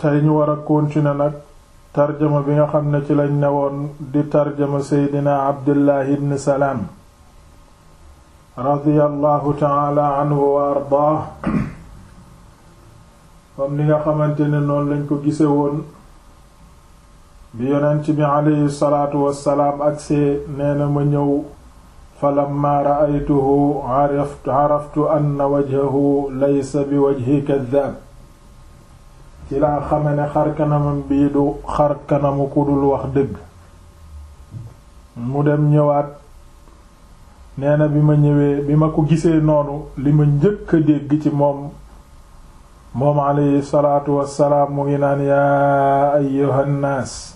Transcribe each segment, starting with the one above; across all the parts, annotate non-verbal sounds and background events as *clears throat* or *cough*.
tey ñu war a continuer nag tarjama bi nga xam ne ci lañ newoon di tarjama seydina abdullahi ibn salaam radiyallahu taala anhu wa ardaah comme li nga xamante ne noonu lañ ko gise woon bi yonent bi aleyhi salaatu wassalaam agsee nee na ma ñëw falamma ra'aytuhu araftu anna wajhahu laysa bi wajhi kaddaab ci laa xame ne xar kanamam bii du xar ku dul wax dëgg mu dem ñëwaat nee na bi ma ñëwee bi ma ko gisee noonu li ma njëkk a dégg ci moom moom alayhi salaatu wassalaam mu ngi naan yaa ayyuhan naas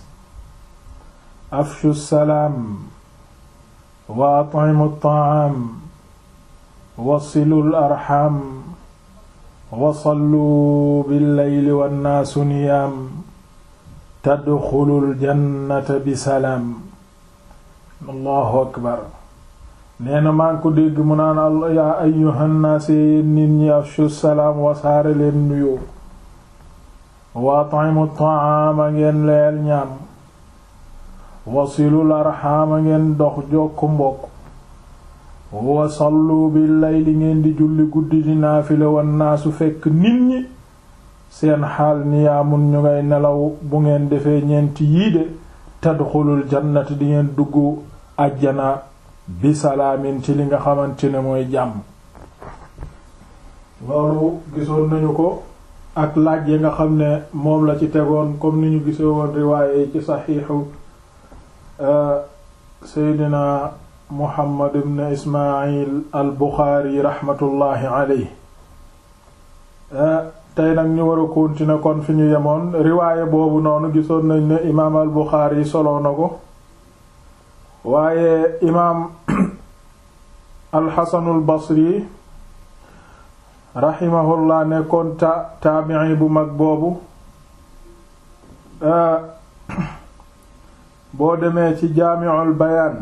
afshu salaam wa at'imu ta'aam wasilul arham wasallu billayli wannaasu niyaam tadxulul jannata bisalaam allahu akbar nee na maa ngi ko dégg mu naan yaa ayyuhannaase yéen nit ñi afshu salaam wasaare leen nuyoo wa at'imu ta'aama ngeen leel ñaam wasilul arxaama ngeen dox jokk mbokk wa sallu bil layli ngeen di julli guddi di naafila naa su fekk nit ñi seen xaal niyaamun ñu ngay nelaw bu ngeen defee ñeent yii de tadxulul jannati di ngeen dugg àjjana bi salaamin ci li nga xamante ne mooy jàmm loolu gisoon nañu ko ak laaj yi nga xam ne moom la ci tegoon comme ni ñu gisoon riwaaye yi ci saxiixu euh, seydina Muhammad ibn Ismaayil al Buxaari raxmatullaahi aleyhi eh, tey nag ñu war a continuer kon fi ñu yemoon riwaaye boobu noonu gisoon nañ ne imaam al Buxaari soloo na ko waaye imaam *clears throat* al Xasanul Basri raximahullah nekkoon ta taabi'i bu mag boobu eh, *clears throat* boo demee ci jaami'ul bayaan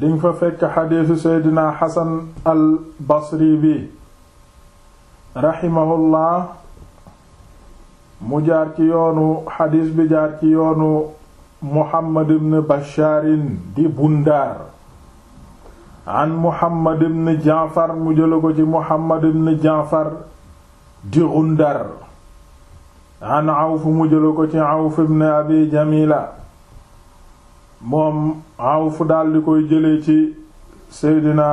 dinga fa fekk xadiisu seydina xasan al basri bi raximahullah mu jaar ci yoonu xadiis bi jaar ci yoonu muhammad ibn bashaarin di bundaar an muhammad ibn jaafar mu jëla ko ci muhammad ibn jaafar di gundar an awf mu jëla ko ci awf ibn abi jamila moom Awf daldi koy jëlee ci seydina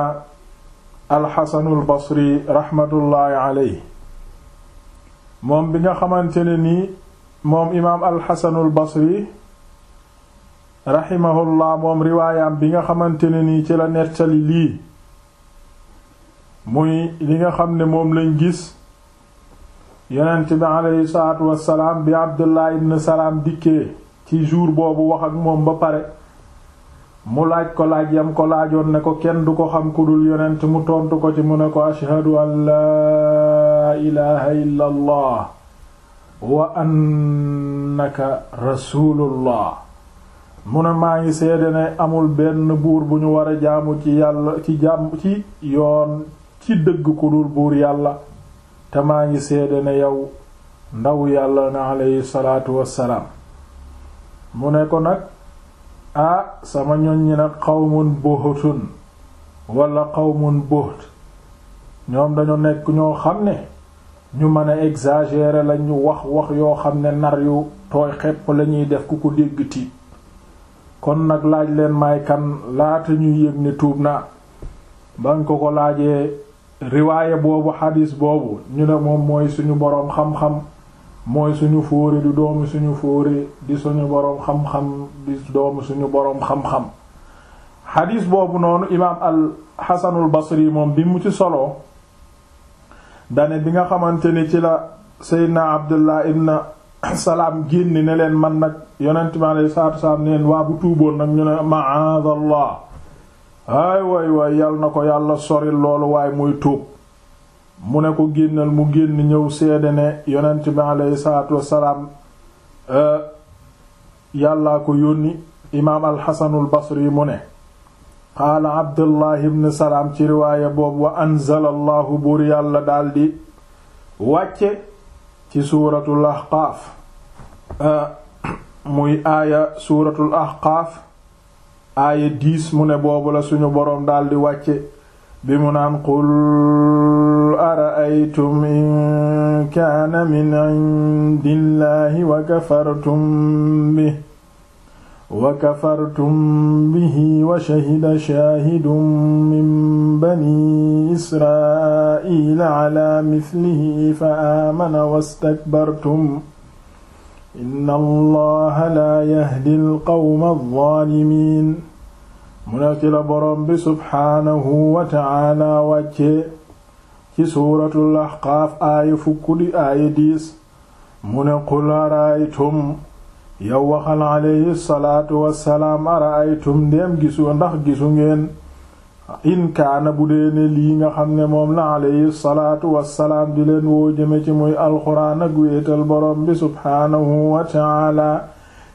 alxasanul basri raxmatullaahi aley moom bi nga xamante ne nii moom imaam alxasanul basri raximahullah moom riwaayam bi nga xamante ne nii ci la nettali lii muy li nga xam ne moom lañ gis yonent bi aleyhi salaatu wassalaam bi abdullah ibn salaam dikkee ci jour boobu wax ak moom ba pare mu laaj ko laaj yam ko laajoon ne ko kenn du ko xam ku dul yonent mu tontu ko ci mu ne ko ashhadu an laa ilaha illa allah wa annaka rasulullah mu ne maa ngi seede ne amul benn buur bu ñu war a jaamu ci yàlla ci jàmm ci yoon ci dëgg ku dul buur yàlla te maa ngi seede ne yow ndaw yàlla na aleyhi salaatu wassalaam mu ne ko nag ah sama ñoñ ñi nag qawmun buhtun wala qawmun buht ñoom dañu nekk ñoo xam ne ñu mën a exagérer lañu wax wax yoo xam ne nar yu tooy xepp lañuy def ku ko dégg tiit kon nag laaj leen may kan laata ñuy yëg ne tuub na bañ ko ko laajee riwaaye boobu xadiis boobu ñu ne moom mooy suñu boroom xam-xam mooy suñu fóori di doomu suñu fóori di suñu boroom xam-xam di doomu suñu boroom xam-xam xadiis boobu noonu imaam al xasanul basri moom bi mu ci solo dane bi nga xamante ni ci la seydna abdullah ibn salaam génn ne leen man nag yonent mi alayhi salaatu wasalaam waa bu tuuboon nag ñu ne ma'aadallah ay way way yal na ko yàlla soril loolu waaye muy tuub mu ne ko génnal mu génn ñëw seede ne yonent bi salaatu wassalaam euh, yàllaa ko yónni imaam alxasanul basri mu ne qaala abdullahi ibn salaam ci riwaaya boobu wa anzala allahu buur yàlla daldi wàcce ci suuratul ahqaaf euh, muy aaya suuratul ahqaaf aaya mu ne boobu la suñu boroom daldi wàcce bi mu naan qul ara'aytum in kaana min indillahi wa kafartum bihi wa kafartum bihi wa shahida shaahidun min bani israa'iila ala mithlihi fa aamana wastakbartum inna allaha laa yahdi alqawma alzaalimiin mu nekk la boroom bi subhaanahu wa ta'aala wàcce ci suuratul ahqaaf aaya fukku di aaya diis mu ne qul araaytum yow waxal alayhi salaatu wassalaam araaytum ndéem gisu ndax gisu ngeen in kaana bu dee ne lii nga xam ne moom la alayhi salaatu wassalaam di leen woo jëme ci muy alxuraana ak wéetal borom bi subhaanahu wa ta'ala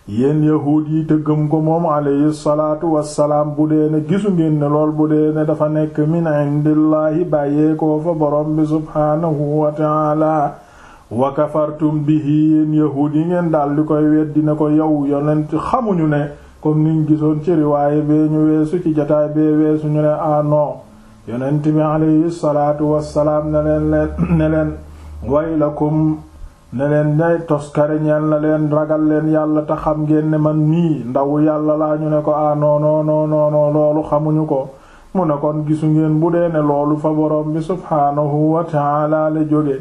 yéen yahuud yi te ko moom alayhi salaatu wassalaam bu dee ne gisu ngeen ne lool bu dee ne dafa nekk mina indillaahi bàyyeekoo fa borom bi subhaanahu wa taala wa kafartum bihi yahuud yi ngeen daal di koy weddi dina ko yow yonent xamuñu ne kom niñ gisoon ci riwaaye bee ñu weesu ci jataay bee weesu ne aanoo ah, yonent bi alayhi wassalaam ne leen ne leen waylakum ne leen ñay toskare ñeel na leen ragal leen yàlla te xam ngeen ne man nii ndaw yàlla laa ñu ne ko ah non non loolu xamuñu ko mu ne kon gisu ngeen bu dee ne loolu fa borom bi subhaanahu wa ta'ala la jóge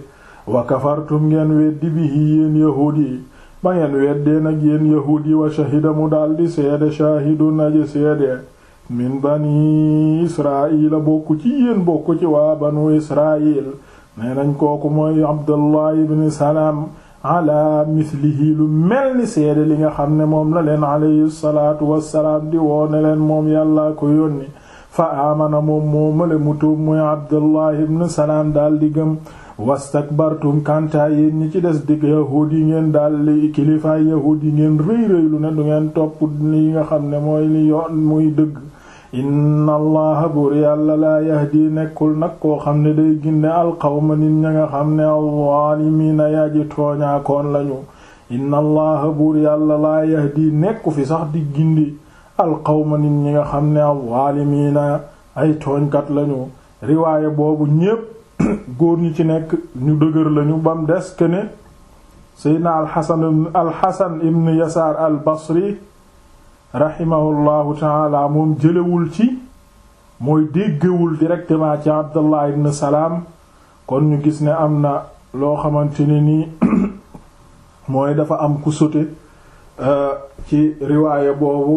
wa kafartum ngeen weddi bihi yéen yahuud yi ba ngeen weddee nag yéen yahuud yi wa shahida mu daldi seede shaahidun aji seede min bani israila bokku ci yéen bokku ci waa banu israil nee nañ kooku mooy Abdullah ibn Salaam ala mithlihi lu mel ni seede li nga xam ne moom la leen alayhi salaatu wassalaam di woone leen moom yàllaa ko yónni fa aamana moom moomale mu tuub muy Abdullah ibn Salaam daal di gëm wastakbartum kantaa yéen ni ci des dig yahuud yi ngeen dalli kilifaay yahuud yi ngeen rëy rëylu ne du ngeen topp li nga xam ne mooy li yoon muy dëgg inna allaha buur yàlla laa yahdi nekkul nag koo xam ne day ginde alqawma nit ña nga xam ne alzaalimiina yaaji tooñaakoon lañu inna allaha buur yàlla laa yahdi nekku fi sax di gindi alqawma nit ñi nga xam ne alzaalimiina ay tooñkat lañu riwaaye boobu ñépp *coughs* góor ñu ci nekk ñu dëgër lañu bam des ke ne seydna alxasan alxasan ibn yasaar al basri rahimahullahu taala moom jëlewul ci mooy déggewul directement ci abdullah ibn salaam kon ñu gis ne am na loo xamante ne nii *coughs* mooy dafa am ku sote euh, ci riwaaya boobu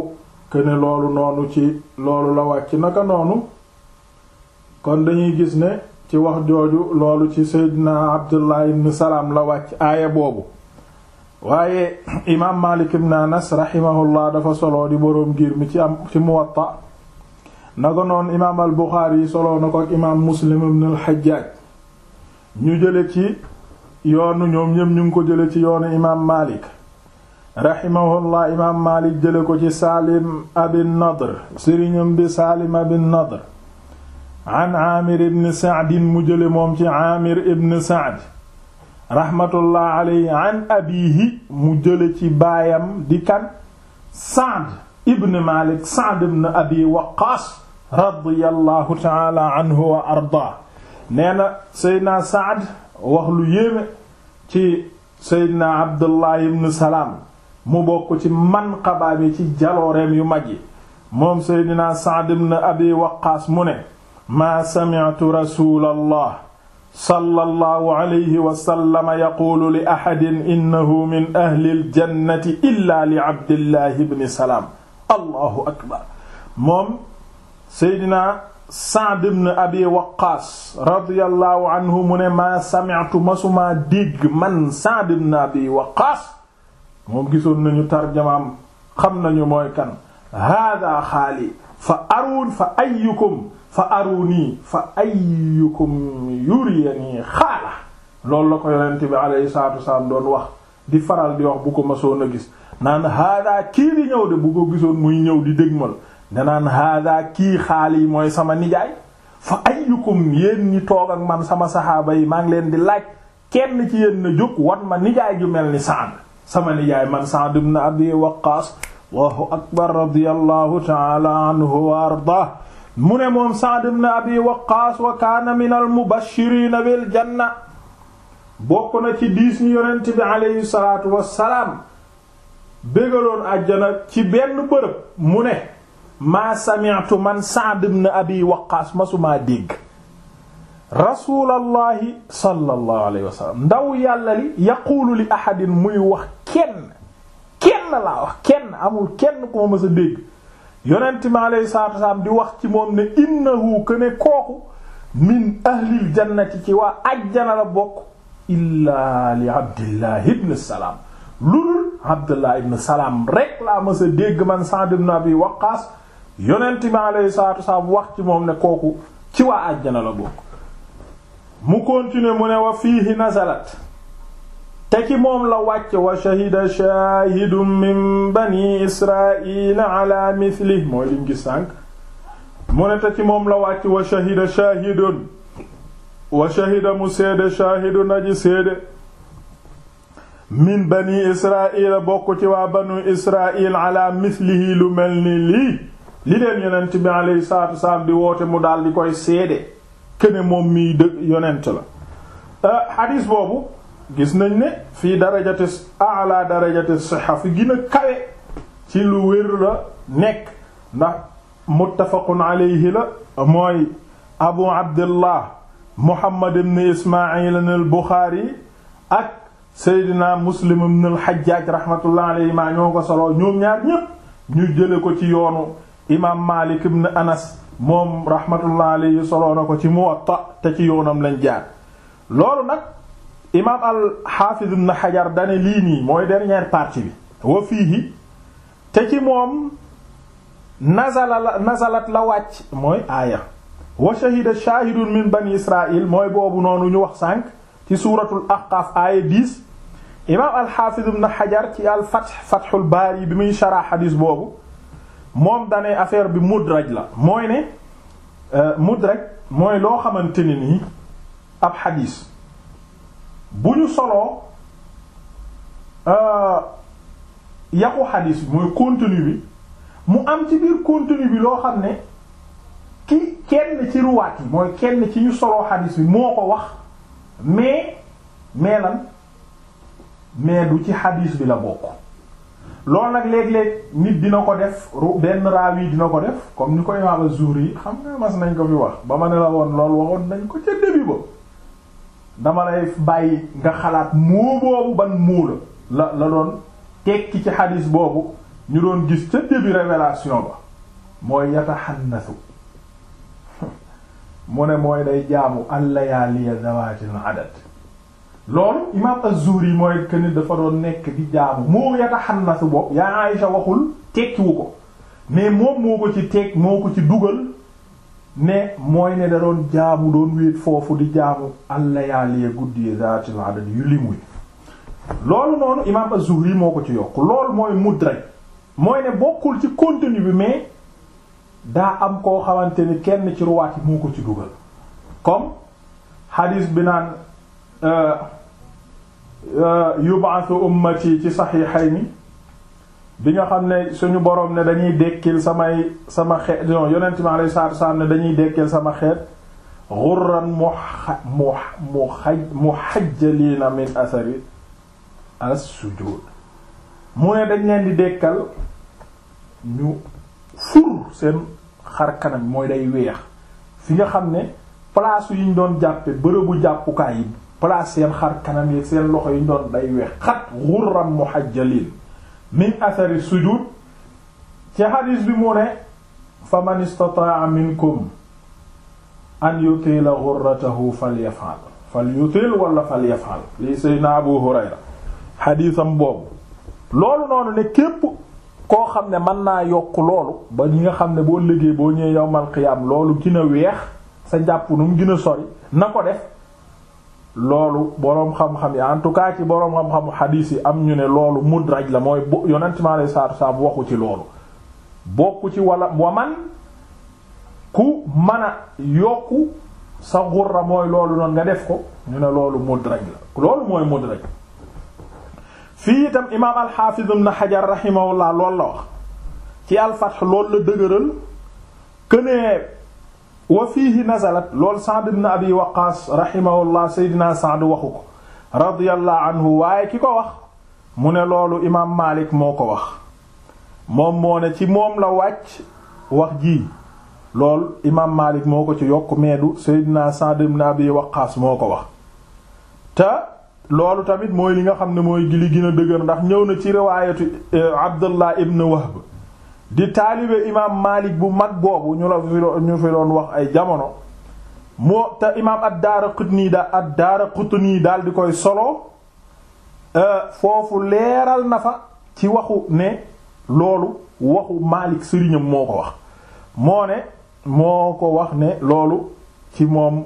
que ne loolu noonu ci loolu la wàcc naka noonu kon dañuy gis ne ci wax jooju loolu ci seydina abdullah ibn salaam la wàcc aaya boobu waaye *clears throat* imaam Maalik ibn Anas rahimahullah dafa solo di boroom ngir mi ci am ci Muwatta naka noonu imaam al Buxaari solo na ko ak imaam Muslim ibn al Hajjaaj ñu jële ci yoonu ñoom ñépp ñu ko jële ci yoonu imaam Maalik rahimahullah imaam Maalik jële ko ci Saalim abin Nadr sëriñam bi Saalim abin Nadr an Aamir ibn Sa'd mu jële moom ci Aamir ibn Sa'd rahmatullah alayhi mu jële ci baayam di kan Saad ibn Malik Saad ibn Abi Waqqas radiyallahu ta'ala anhu wa arda nee na Seydina Saad wax lu ci Seydina Abdullah ibn Salaam mu bokk ci manqabaam yi ci jalooreem yu mag yi moom Seydina Saad ibn Abi Waqqas mu ne maa sami'tu rasulallah sallallahu alayhi wa sallam yaquulu li ahadin innahu min ahlil jannati illaa li abdillahi ibn salaam allahu akbar moom seydina Sa'd ibn Abi Waqqaas radiyallahu anhu mu ne maa sami'tu masumaa dégg man Sa'd ibn Abi Waqqaas moom gisoon nañu tarjamaam xam nañu mooy kan haadaa xaali fa aruun fa ayyukum fa aruni fa ayyukum yuriyani xaala loolu la ko yonent bi alayhi salaatu wasalaam doon wax di faral di wax bu ko ma a gis naan haadaa kii di ñëw de bu ko gisoon muy ñëw di dégmal danaan haadaa kii xaal yi mooy sama nijaay fa ayyukum yéen ñi toog ak man sama saxaaba yi maa ngi leen di laaj kenn ci yéen na jóg wan ma nijaay ju mel ni Saad sama nijaay man Saad ibn Abi Waqqaas Allahu akbar anhu wa ardaah mu ne moom Sa'd ibn Abi Waqqaas wa kaana min al-mubashiriina bil janna bokk na ci diis ñu yonent bi aleyhi salaatu wassalaam bégaloon àjjana ci benn bërëb mu ne maa sami'tu man Sa'd ibn Abi Waqqaas masumaa dégg rasuulallahi sallallahu alayhi wa sallam ndaw yàlla li yaquulu li ahadin muy wax kenn kenn laa wax kenn amul kenn ku ma mës a dégg yonent mi alayhi di wax ci moom ne innahu que ne kooku min ahlil jannati ci waa ajjana la bokk illaa li abdillah ibn salaam lu dul abdullah salaam rek laa mas a dégg man Sa'd ibn Abi Waqqaas yonent mi alayhi wax ci moom ne kooku ci waa ajjana la bokk mu continuer mu ne wa fiihi nazalat te ci moom la wàcc wa shahida shaahidun min bani israila ala mooy liñ gis sànq mu ne te ci moom la wàcc wa shahida wa shahida mu seede shaahidun aji seede min bani israila bokk ci waa banu israil ala mithlihi lu mel ni lii li leen yonent bi alayhi salaatu di woote mu daal di koy seede kene moom mii dëgg yonent la eh, xadiis boobu gis nañ ne fii darajati ala darajati siha fi gën ci lu wér la nekk ndax muttafaqun alayhi la mooy abu abdillah muhammad ibn ismail al buxaari ak seydina muslim ibn al hajjaj rahmatullah alayhi ma ñoo ko soloo ñoom ñaar ñépp ñu jële ko ci yoonu imaam malik ibn anas moom rahmatullah alayhi soloo na ko ci muwatta te ci yoonam lañ jaar loolu nag imaam al-Hafiz ibn Hajar dane lii nii mooy dernière partie bi wa fiihi te ci moom nazala nazalat la wàcc mooy aaya wa shahida shahidun min bani Israil mooy boobu noonu ñu wax sànq ci suratul Ahqaf aaya 10 imaam al-Hafiz ibn Hajar ci al-Fath Fathul Bari bi muy sharax hadis boobu moom dane affaire bi mudraj la mooy ne euh, mudraj mooy loo xamante ne nii ab hadis bu ñu soloo euh, yàqu xadiis bi mooy continue bi mu am ci biir contenu bi loo xam ne ki kenn ci ruwaat yi mooy kenn ci ñu soloo xadiis bi moo ko wax mais mais lan mais du ci xadiis bi la bokk loolu nag léeg-léeg nit dina ko def benn raawi dina ko def comme ni ko imaam az yi xam nga mas nañ ko fi wax ba ma ne la woon loolu waxoon nañ ko ca début ba dama lay bàyyi nga xalaat moo boobu ban moo la la doon tekki ci xadis boobu ñu doon gis ca début révélation ba mooy nasu *laughs* mu ne mooy day jaamu allayaaliya zawaatil adad loolu imaam az-Zuhri mooy que dafa doon nekk di jaamu moo yataxannasu boobu yaa Aïsha waxul tekkiwu ko mais moom moo ko ci teg moo ko ci dugal ne mooy ne da doon jaamu doon wéet foofu di jaamu allayaaliya guddi zaatil adad yu limu loolu noonu imaam az-Zuhri moo ko ci yokk lool mooy mudraj mooy ne bokkul ci contenu bi mais daa am koo xamante ni kenn ci ruwaat yi moo ko ci dugal comme hadis bi naan euh, euh, yub'athu ummati ci mi bi nga xam ne suñu boroom ne dañuy dekkil samay sama xeet non yonent mi alayhi salaatu salaam ne dañuy dekkil sama xeet ghurran mu mu mu muhajjaliina min athari as-sujuud mu ne dañ leen di seen xar kanam mooy day weex si nga xam ne place yi ñu doon jàppe bërëbu jàppukaay yi place seen xar kanam yi seen loxo yi ñu doon day weex xat ghurran muhajjaliin min athari sujud ci hadis bi mu ne fa man istataa minkum an yutila ghurratahu falyafal falyutil wala falyafal lii sayna Abu Hurayra hadisam boobu loolu noonu ne képp koo xam ne mën naa yokk loolu ba ñi nga xam ne boo liggéey boo ñëwee yowmal qiyaam loolu gën weex sa jàpp nu mu gën a sori na ko def loolu boroom xam-xam yi en tout cas ci boroom xam-xamu xadiis yi am ñu ne loolu mut mudraj la mooy b yonent mi alei salatu salaam waxu ci loolu bokku ci wala wa man ku mën a yokku sa gurra mooy loolu noonu nga def ko ñu ne loolu mudraj la loolu mooy mudraj fii itam imaam alxaafiz ibn Hajar rahimahullah lool la wax ci alfath loolu la dëgëral kënee wa fiihi nazalat lool Sa'd ibn Abi Waqqaas rahimahullah Seydina Sa'd waxu ko radiyallahu anhu waaye ki ko wax mu ne loolu imaam Maalik moo ko wax moom moo ne ci moom la wàcc wax ji lool imaam Maalik moo ko ci yokk meedu Seydina Sa'd ibn Abi Waqqaas moo ko wax te loolu tamit mooy li nga xam ne mooy gili gën dëgër ndax ñëw na ci riwaayatu eh, Abdullah ibn Wahb di taalibe imaam Maalik bu mag boobu ñu la fi doon wax ay jamono moo te imaam ad-Daaraqutni da ad daal di koy solo euh, foofu leeral na fa ci waxu ne loolu waxu Maalik sëriñam moo ko wax moo ne moo ko wax ne loolu ci moom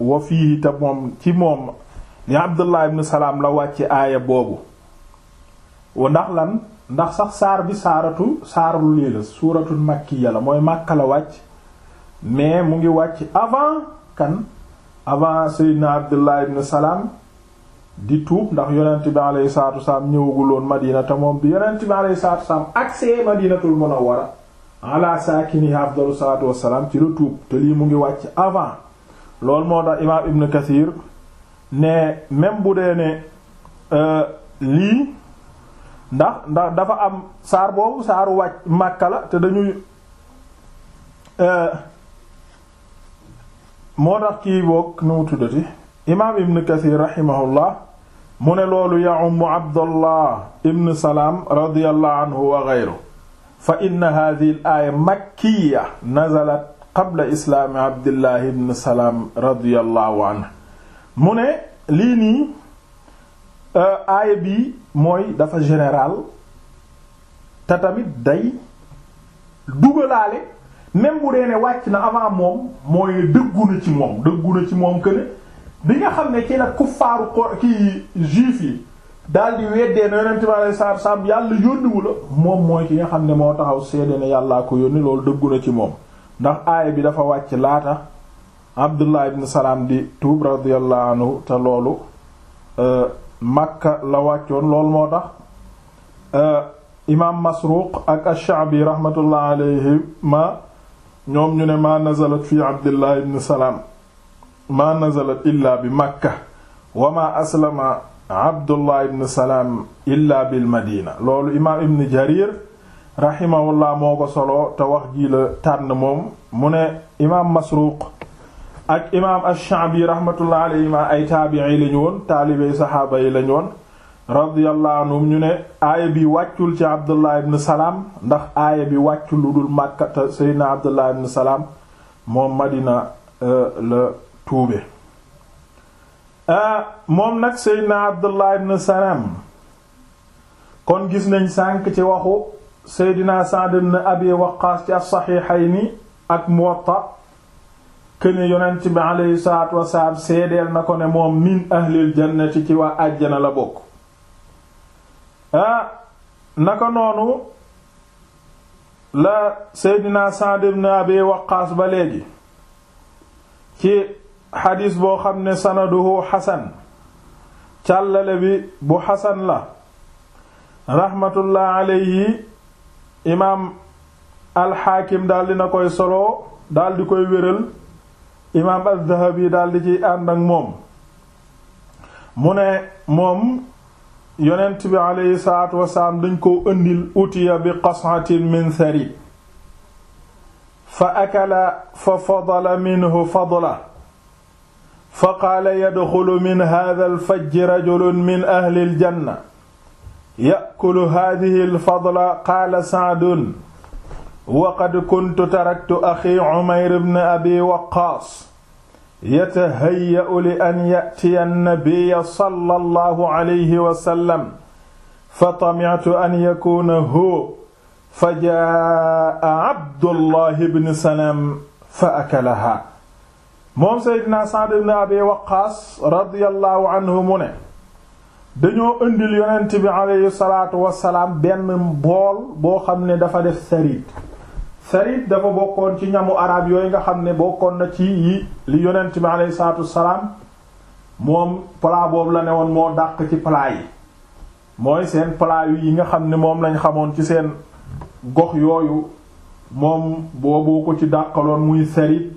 wa fii te moom ci moom ni Abdullah ibn Salaam la wàcce aaya boobu ndax lan ndax sax saar bi saaratu saarul lii la suuratul makkiya la mooy Makka la wàcc mais mu ngi wàcc avant kan avant Seydina Abdullah ibn Salaam di tuub ndax yonent bi alayhi salaatu wasalaam ñëwaguloon Madina te moom bi yonent bi alayhi salaatu wasalaam agsee Madinatul Munawwara ala saakini afdalu salaatu wasalaam ci la tuub te lii mu ngi wàcc avant loolu moo tax imaam Ibn Kathir ne même bu dee ne euh, lii. ndax ndax dafa am saar boobu saaru wàcc Makka te dañuy euh, moo tax kii boog nu mu tuddati imaam Ibn Kathir rahimahullah mu ne loolu ya'ummu Abdallah Ibn Salaam radiyallahu anhu wa ghayruhu fa inna hadhihi al-aaya makkiyya nazalat qabla islaami Abdallah Ibn Salaam radiyallahu anhu mu ne lii nii. Euh, aaya bi mooy dafa général te tamit day dugalaale même bu dee ne wàcc na avant moom mooy dëggu ci moom dëggu ci moom que ne bi nga xam ne ci la kuffaaru ko ki juif yi daal di weddee ne yonente bi alei yàlla yónniwu la moom mooy ki nga xam ne moo taxaw seede ne yàllaa ko yónni loolu dëggu ci moom ndax aaya bi dafa wàcc laata Abdullah ibn Salaam di tuub radiyallahu anhu te loolu euh, Makka la wàccoon loolu moo tax euh, imaam Masruq ak ash-Sha'bi rahmatullah ma ñoom ñu ne ma nazalat fi Abdullah ibn Salaam ma nazalat illa bi Makka wa ma aslama Abdullah ibn Salaam illa bil Madina loolu imaam Ibn Jarir rahimahullah moo ko solo te wax ji la tànn moom mu ne imaam Masruq ak imaam ash-Sha'bi rahmatullah alayhima ay taabi'i lañu woon taalibey saxaaba yi lañu woon radiyallahu anhum ñu ne aaya bi wàccul ci Abdullah ibn Salaam ndax aaya bi wàccul lu dul Màkkata Seydina Abdullah ibn Salaam moom Madina euh, la tuube euh, moom nag Seydina Abdullah ibn Salaam kon gis nañ sànk ci waxu Seydina Sa'd ibn Abi Waqqaas ci as-Saxiixayni ak Muwatta këne yonent bi aleyhi salaatu wasalaam seedeel na ko ne moom min ahlil jannati ci waa àjjana la bokk ah naka noonu la seydina Sa'd ibn Abi Waqqaas ba léegi ci xadiis boo xam ne sanaduhu xasan càllale bi bu xasan la raxmatullah yi imaam alxaakim daldi na koy solo daldi koy wéral imaam az-Zahabi daal di ciy ànd ak moom mu ne moom yonent bi aleyhi salaatu wasalaam dañ koo ëndil utiya bi qas'atin min sari fa akala fa fadala minhu fadla fa qaala yadxulu min haadha alfajji rajulun min ahli aljanna yakulu haadihi alfadla qaala sa'dun wa qad kuntu taraktu axi Umayr ibn abi Waqqaas yatahayya'u li an ya'tiya an-nabiyya sallallahu alayhi wa sallam fatami'tu an yakuna hu fajaa'a Abdullah ibn Salam fa akalaha moom Seydina Sa'd ibn Abi Waqqas radiyallahu anhu mu ne dañoo indil yonent bi alayhi salaatu wa salaam benn bool boo xam ne dafa def sariid sarit dafa bokkoon ci ñamu arab yooyu nga xam ne bokkoon na ci yi li yonent bi aleyhi salaatu wassalaam moom plat boobu la ne woon moo dàq ci palaa yi mooy seen plat yi nga xam ne moom lañ xamoon ci seen gox yooyu moom boobu ko ci dàqaloon muy sarit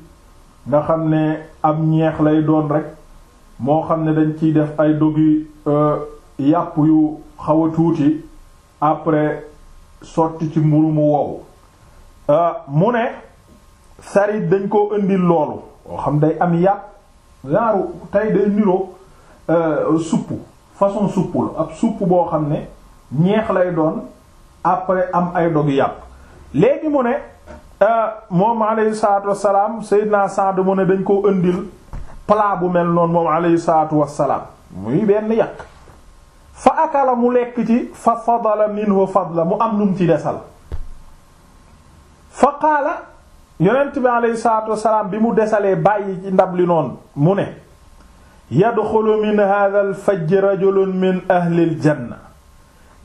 nga xam ne am ñeex lay doon rek moo xam ne dañ ciy def ay dogi euh, yàpp yu xaw a tuuti après sotti ci mburu mu wow Euh, mu ne sarit dañ koo indil loolu boo xam day am yàpp genre tey day niroo euh, supp façon supp la ab supp boo xam ne ñeex lay doon après am ay dog yàpp léegi mu ne euh, moom alayhi salaatu wassalaam Seydina Saad mu ne dañ koo indil plat bu mel noonu moom alayhi salaatu wassalaam muy benn yàq fa akala mu lekk ci fa fadala minhu la mu am num ci desal fa qaala yonent bi aleyhi salaatu wasalaam bi mu desalee bàyyi ci ndab li noonu mu ne yadxulu min hadha al fajj rajulun min ahli al janna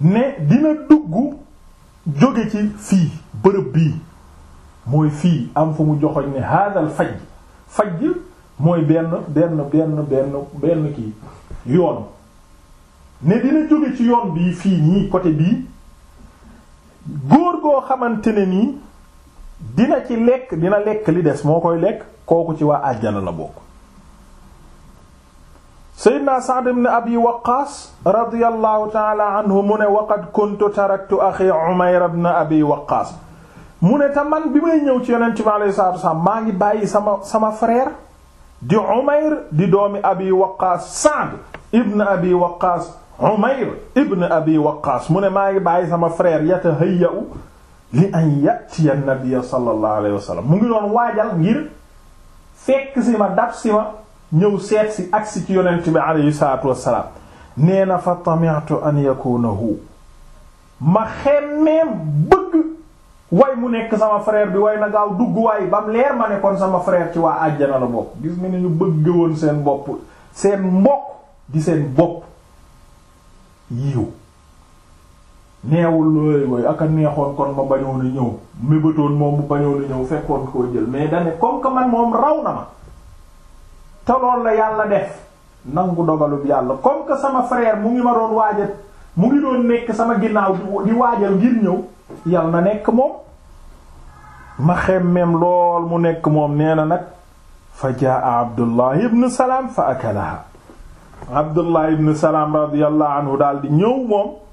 ne dina dugg jóge ci fii bërëb bii mooy fii am fu mu joxoñ ne hadha al fajj mooy benn benn benn benn benn kii yoon ne dina jóge ci yoon bii fii nii côté bii góor goo xamante ni nii dina ci lekk dina lekk li des moo koy lekk kooku ci waa àjjana la bokk seydna Sa'd ibn Abi Waqqas radiyallahu ta'ala anhu mu ne waqad kuntu taraktu axi Umayr ibn Abi Waqqas mu ne te man bi may ñëw ci yonent bi alayhi salaatu wasalaam maa ngi bàyyi sama sama frère di Umayr di doomi Abi Waqqas Sa'd ibn Abi Waqqas Umayr ibn Abi Waqqas mu ne maa ngi bàyyi sama frère yatahayya'u li an yatiya nabiyya sallallahu alayhi wa sallam mu ngi doon waajal ngir fekk si ma dab si ma ñëw seet si agsi ci yonent bi alayhi salaatu wassalaam nee na fa tami'tu an yakuna ma xemmeem bëgg way mu nekk sama frère bi waaye na gaaw dugg waay bam leer ma ne kon sama frère ci waa àjjana la bopp gis nga ni ñu bëgg woon seen bopp seen mbokk di seen bopp yiw neewul looy ak a neexoon kon ma bañoon a ñëw mébatoon moom mu bañoon a ñëw fekkoon koo jël mais dane comme que man moom raw na ma te lool la yàlla def nangu dogalub yàlla kom que sama frère mu ngi ma doon waajal mu ngi doon nekk sama ginnaaw di waajal ngir ñëw yàlla na nekk moom ma xemmeem lool mu nekk moom nee na nag fa jaa abdullah ibn salaam fa akalaha abdullah ibn salaam radiyallahu anhu daal di ñëw moom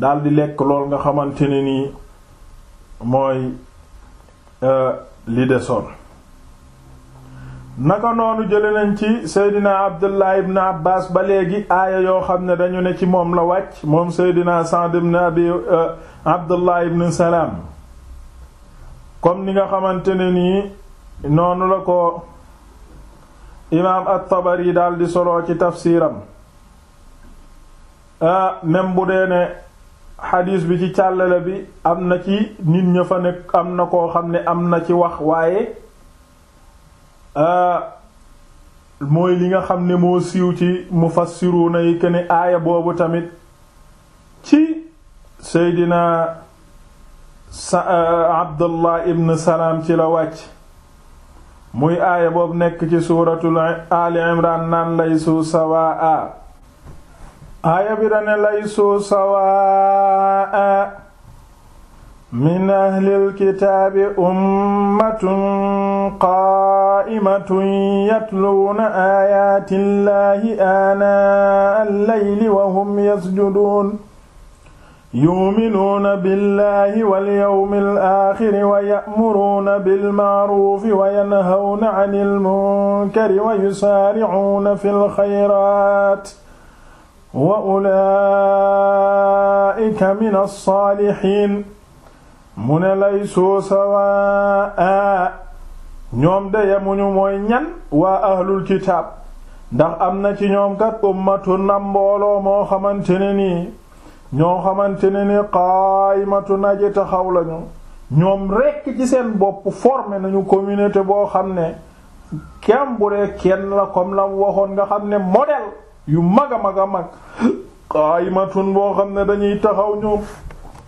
daldi lekk lool nga xamante ne nii mooy e, li desoon naka noonu jële nañ ci seydina abdullah ibn abbas ba léegi aaya yoo xam ne dañu ne ci moom la wàcc moom seydina sa'd ibn abi e, abdullah ibn salaam comme ni nga xamante ne nii noonu la ko imaam at yi daldi soloo ci tafsiiram e, même bu dee ne xadiis bi ci càllale bi am na ci nit ña fa nekk am na koo xam ne am na ci wax waaye mooy li nga xam ne moo siiw ci mufassiruna yi ne aaya boobu tamit ci seydina abdullah ibn salaam ci la wàcc muy aaya boobu nekk ci suuratul ali imran naan laysu sawaa aaya bi dane laysu sawaa min ahlil kitaabi ummatun qaa'imatun yatluuna aayaati llaahi aanaa al-layli wa hum yasjuduun yu'minuuna billaahi wal yawmil aaxiri wa ya'muruuna bilma'ruufi wa yanhawna 'anil munkari wa yusaari'uuna fil xayraat wa ulaa'ika mina saalihiin mu ne laysuu sawaa ñoom de yemuñu mooy ñan waa ahlul kitaab ndax am na ci ñoom kat ummatun nam mbooloo moo xamante ne nii ñoo xamante ne ni qaayimatun aji taxaw lañu ñoom rekk ci seen bopp formé nañu communauté boo xam ne kem bu dee kenn la comme lam waxoon nga xam ne modèle yu mag a mag a mag qaaymatun boo xam ne dañuy taxaw ñoom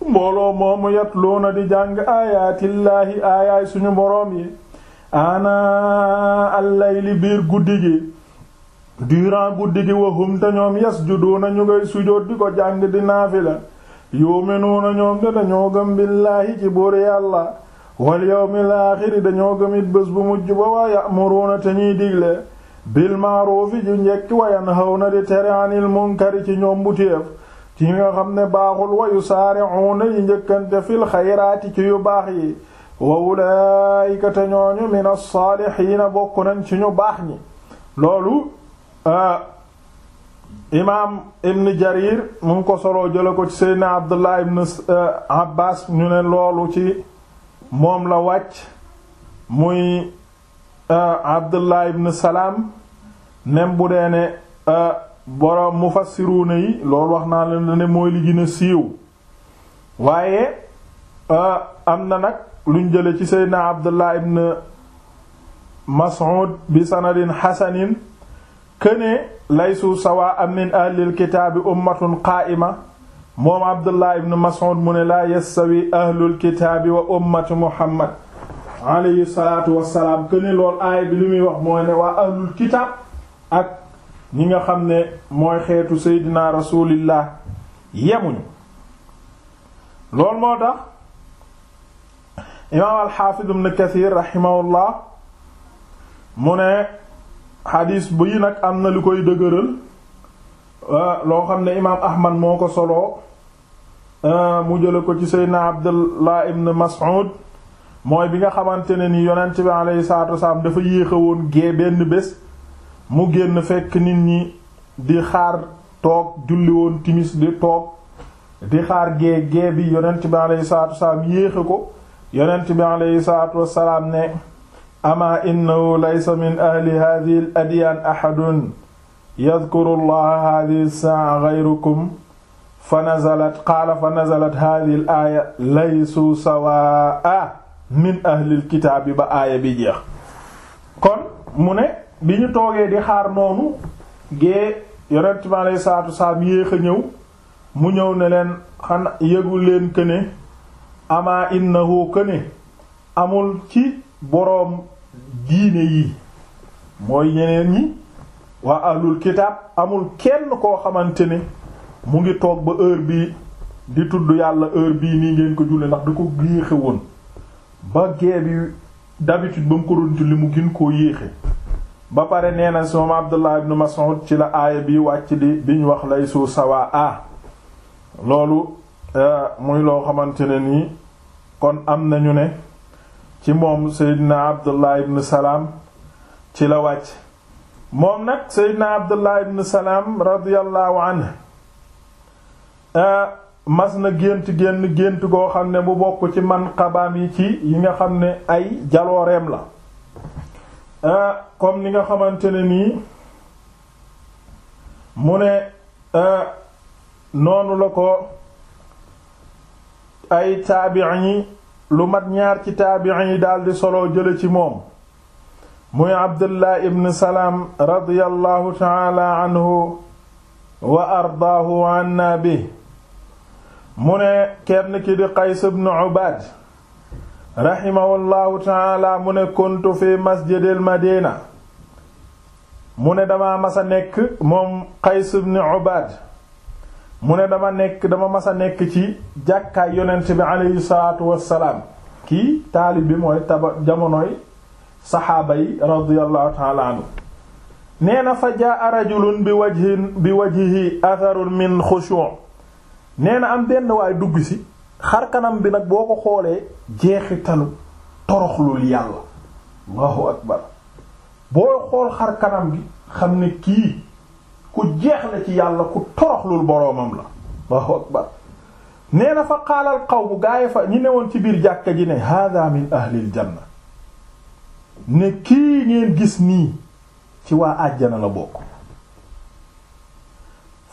mbooloo moomu yatluuna di jàng aayaatillaahi aayaay suñu boroom yi ana allayli biir guddi gi durant guddi gi wahum te ñoom yasjuduuna ñu ngay sujoot di ko jàng di naafila yuuminuuna ñoom de dañoo gëm billaahi ci buur yàlla wal yawmil aaxiri dañoo gëm bés bu mujj ba waa ya'muruuna te ñuy digle bil maaruufi ju njekki wa yanhawna di tere anil munkari ci ñoom bu téef ci nga xam ne baaxul wa yusaari'uuna yi njëkkante fil xayraati ci yu baax yi wa ulaa'ika te ñooñu min as-saalihiina bokk nañ ci ñu baax ñi loolu eh, imaam ibn jarir mu ko solo jële ko ci seydna abdullah ibn eh, abbas ñu ne loolu ci moom la wàcc muy Euh, Abdullah ibn Salaam même bu dee ne euh, boroom mufassiruuna yi loolu wax naa la ne mooy li gën siiw waaye euh, am na nag luñ jële ci Seydina Abdullah ibn Mas'ud bi sanadin hasanin këne laysu sawaa'an min ahlil kitaabi ummatun qaa'ima moom Abdullah ibn Mas'ud mu ne laa yastawi ahlul kitaabi wa ummatu Muhammad alayhi salaatu wassalaam que ne lool aay bi li muy wax mooy ne waa ahlul kitaab ak ñi nga xam ne mooy xeetu seydinaa rasulillah yemuñu loolu moo tax imaam alxaafid ibn kathir rahimahullah mu ne xadiis bu yi nag am na lu koy dëgëral euh, loo xam ne imaam ahmad moo ko soloo euh, mu jële ko ci seydinaa abdullah ibn mas'ud mooy bi nga xamante ne ni yonent bi alayhi salaatu wasalaam dafa yéex woon gée benn bés mu génn fekk nit ñi di xaar toog julli woon timis di toog di xaar gée gée bi yonent bi alayhi salaatu wasalaam yéex a ko yonent bi alayhi salaatu wasalaam ne ama innahu laysa min ahli hadhihi al ahadun yadhkuru llaha hadhihi saa ghayrukum fa nazalat qaala fa nazalat hadhihi al aya laysu sawaa min ahlil kitaab bi ba aaya bi jeex kon mu ne bi ñu toogee di xaar noonu gée yonent bi aleyhi salaatu yéex a ñëw mu ñëw ne leen xan yëgu leen këne amaa innahu këne amul ci boroom diine yi mooy ñeneen ñi waa ahlul kitaab amul kenn koo xamante ne mu ngi toog ba heure bi di tudd yàlla heure bii nii ngeen ko julli ndax du ko yéexe woon ba gee bi d'habitude ba mu ko doon mu gën koo yéexe ba pare nee na si moom Abdullah ibn Mas'ud ci la aaya bi wàcc li biñ wax lay suu sawa a loolu euh, muy loo xamante ne nii kon am nañu ne ci moom Seydina Abdullah ibn Salaam ci la wàcc moom nag Seydina Abdullah ibn Salaam radiyallahu anhu euh, mas na gént génn gént goo xam ne bu bokk ci man xabaam yi ci yi nga xam ne ay jalooreem la ah, comme ni nga xamante ne nii mu ne ah, noonu la ko ay taabi'i lu mat ñaar ci yi daldi solo jële ci moom muy abdullah ibn salaam radiyallahu taala wa ardaahu anna bi mu ne kenn ki di Qays ibn Ubaad rahimahullahu taala mu ne kuntu fi masjidil Madina mu ne dama mas nekk moom Qays ibn Ubaad mu ne dama nekk dama mas a nekk ci jàkkaay yonent bi aleyhi salaatu wassalaam kii taalib bi mooy taba jamonoy saxaaba yi radiyallahu taala anhu nee na fa jaa rajulun bi wajhin bi min xushu' nee na am benn waay dugg si xar kanam bi nag boo ko xoolee jeexitalu toroxlul yàlla allahu akbar booy xool xar kanam gi xam ne kii ku jeex la ci yàlla ku toroxlul boroomam la allahu akbar nee na fa xaalal xaw bu gaay fa ñi newoon ci biir jàkka ji ne hada min ahlil janna ne kii ngeen gis nii ci waa àjjana la bokk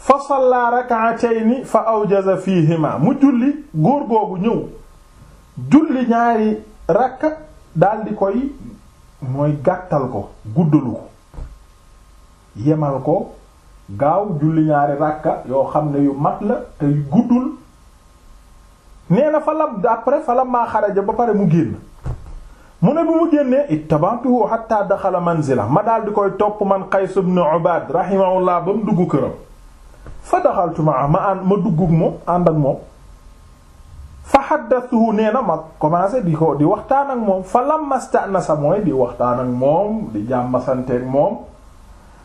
fa salla rak'atayni fa awjaza fiihima mu julli góor googu ñëw julli ñaari rakk daldi koy mooy gàttal ko guddalu ko yemal ko gaaw julli ñaari ràkka yoo xam ne yu mag la te yu guddul nee fa la après fa la maa ba pare mu génn mu ne bu mu génnee ittabantuhu hatta daxala manzila ma daal di koy topp man Qays ibn Ubad rahimahullah ba mu dugg këram fa daxaltu ma ma ànd ma dugg moom ànd ak moom fa xaddathu nee na mag commencé di ko di waxtaan ak moom fa lamma sta'nasa mooy di waxtaan ak moom di jàmmasanteeg moom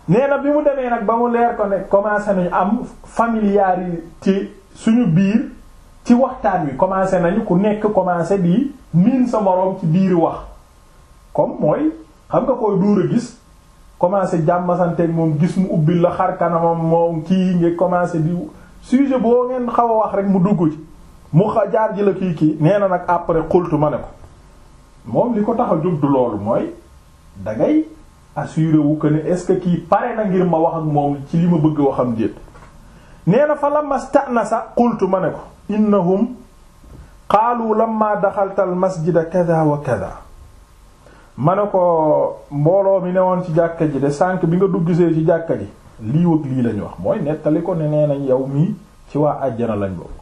nee na bi mu demee nag ba mu leer ko ne commencé nañu am familiarité suñu biir ci waxtaan wi commencé nañ ku nekk commencé di miin sa moroom ci biir wax comme mooy xam nga koy duur a gis commencé jàmmasanteeg moom gis mu ubbi la xar kanamam moom kii nga commencé di sujet boo ngeen xaw a wax rek mu dugg ci mu jaar ji la kii kii nee na nag après xultu ma ne ko moom li ko tax a jóg du loolu mooy dangay assuré wu ne est ce que kii pare na ngir ma wax ak moom ci li ma bëgg waxam déet nee na fa la sa xultu ma ne ko innahum qaalu lamma daxalta al masjida kada wa kada ma ne ko mbooloo mi newoon ci jàkka ji de sànq bi nga duggisee ci jàkka ji lii wëg lii lañu wax mooy nettali ko ne nee nañ yow mii ci waa àjjana lañ bokk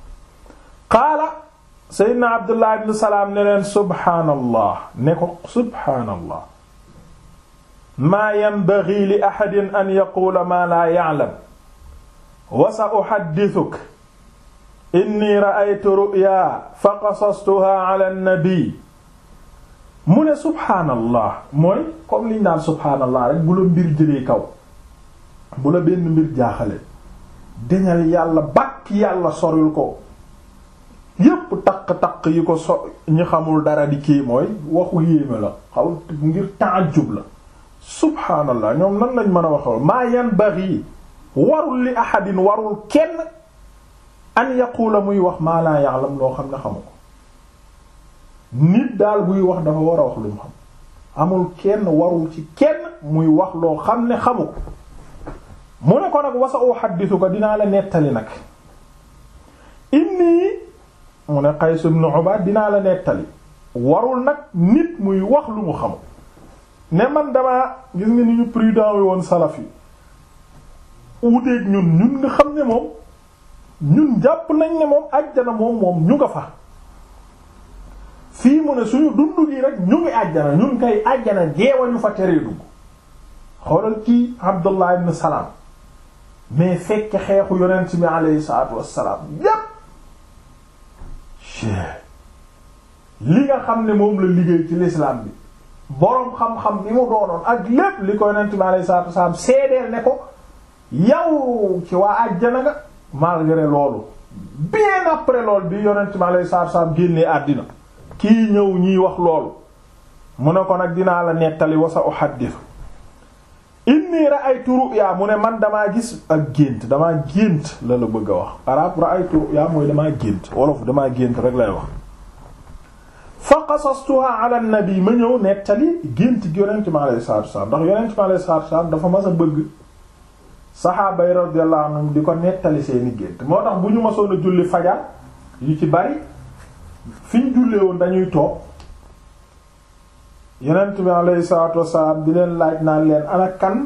qaala seydna abdullah ibn salaam ne leen subhaanallah ne ko subhaanallah maa yanbaghi li ahadin an yaqula ma la ya'lam wa sa uhaddithuka inni ra'aytu ru'ya fa qasastuha ala an-nabi mu ne subhaanallah mooy comme liñ naan subhaanallah rek bu la mbir jëlee kaw bu la benn mbir jaaxale deñal yàlla bàkk yàlla soril ko yépp taq-taq yi ko so ñi xamul dara di kii mooy waxu yéeme la xaw ngir taajub la subhaanallah ñoom nan lañ mën a waxool maa yanbaghi warul li ahadin warul kenn an yaqula muy wax maa laa ya'lam loo xam ne xamu ko nit daal buy wax dafa war a wax lu mu xam amul kenn warul ci kenn muy wax loo xam ne xamu mu ne ko nag wasa ko dinaa la nettali nag inni mu ne Qays ibn Ubad dinaa la nettali warul nag nit muy wax lu mu xamu ne man damaa gis ni ñu prudent woon salaf yi wuteeg ñun ñun nga xam ne moom ñun jàpp nañ ne moom ajjana moom moom ñu nga fa fii mu ne suñu dund gi rek ñu ngi àjjana ñun kay àjjana ñu fa teree dugg xoolal kii Abdullah ibn Salam mais fekk xeexu yonent bi aleyhi salaatu wassalaam yépp li nga xam ne moom la liggéey ci l'islam bi boroom xam-xam bi mu doonoon ak lépp li ko yonent bi aleyhi salaatu wassalaam seedeel ne ko yaw ci waa àjjana nga malgré loolu bien après loolu bi yonent bi aleyhi salaatu wassalaam génnee àddina kii ñëw ñuy wax loolu mu ne ko nag dinaa la nettali wa sa uhaddithu inni ra'aytu ru'ya mu ne man damaa gis ak gént damaa gént la la bëgg a wax arab ra'aytu ru'ya mooy damaa gént wolof damaa gént rek lay wax fa qasastuha ala nabi ma ñëw nettali gént gi yonent mi alayhi ndox wasalaam ndax yonent mi dafa mas a bëgg saxaaba yi radiyallahu anhum di ko nettali seeni gént moo tax bu ñu masoon a julli fajar yu ci bari fi ñu jullee woon dañuy toog yonent bi alayhi salaatu wassalaam di leen laaj naan leen ana kan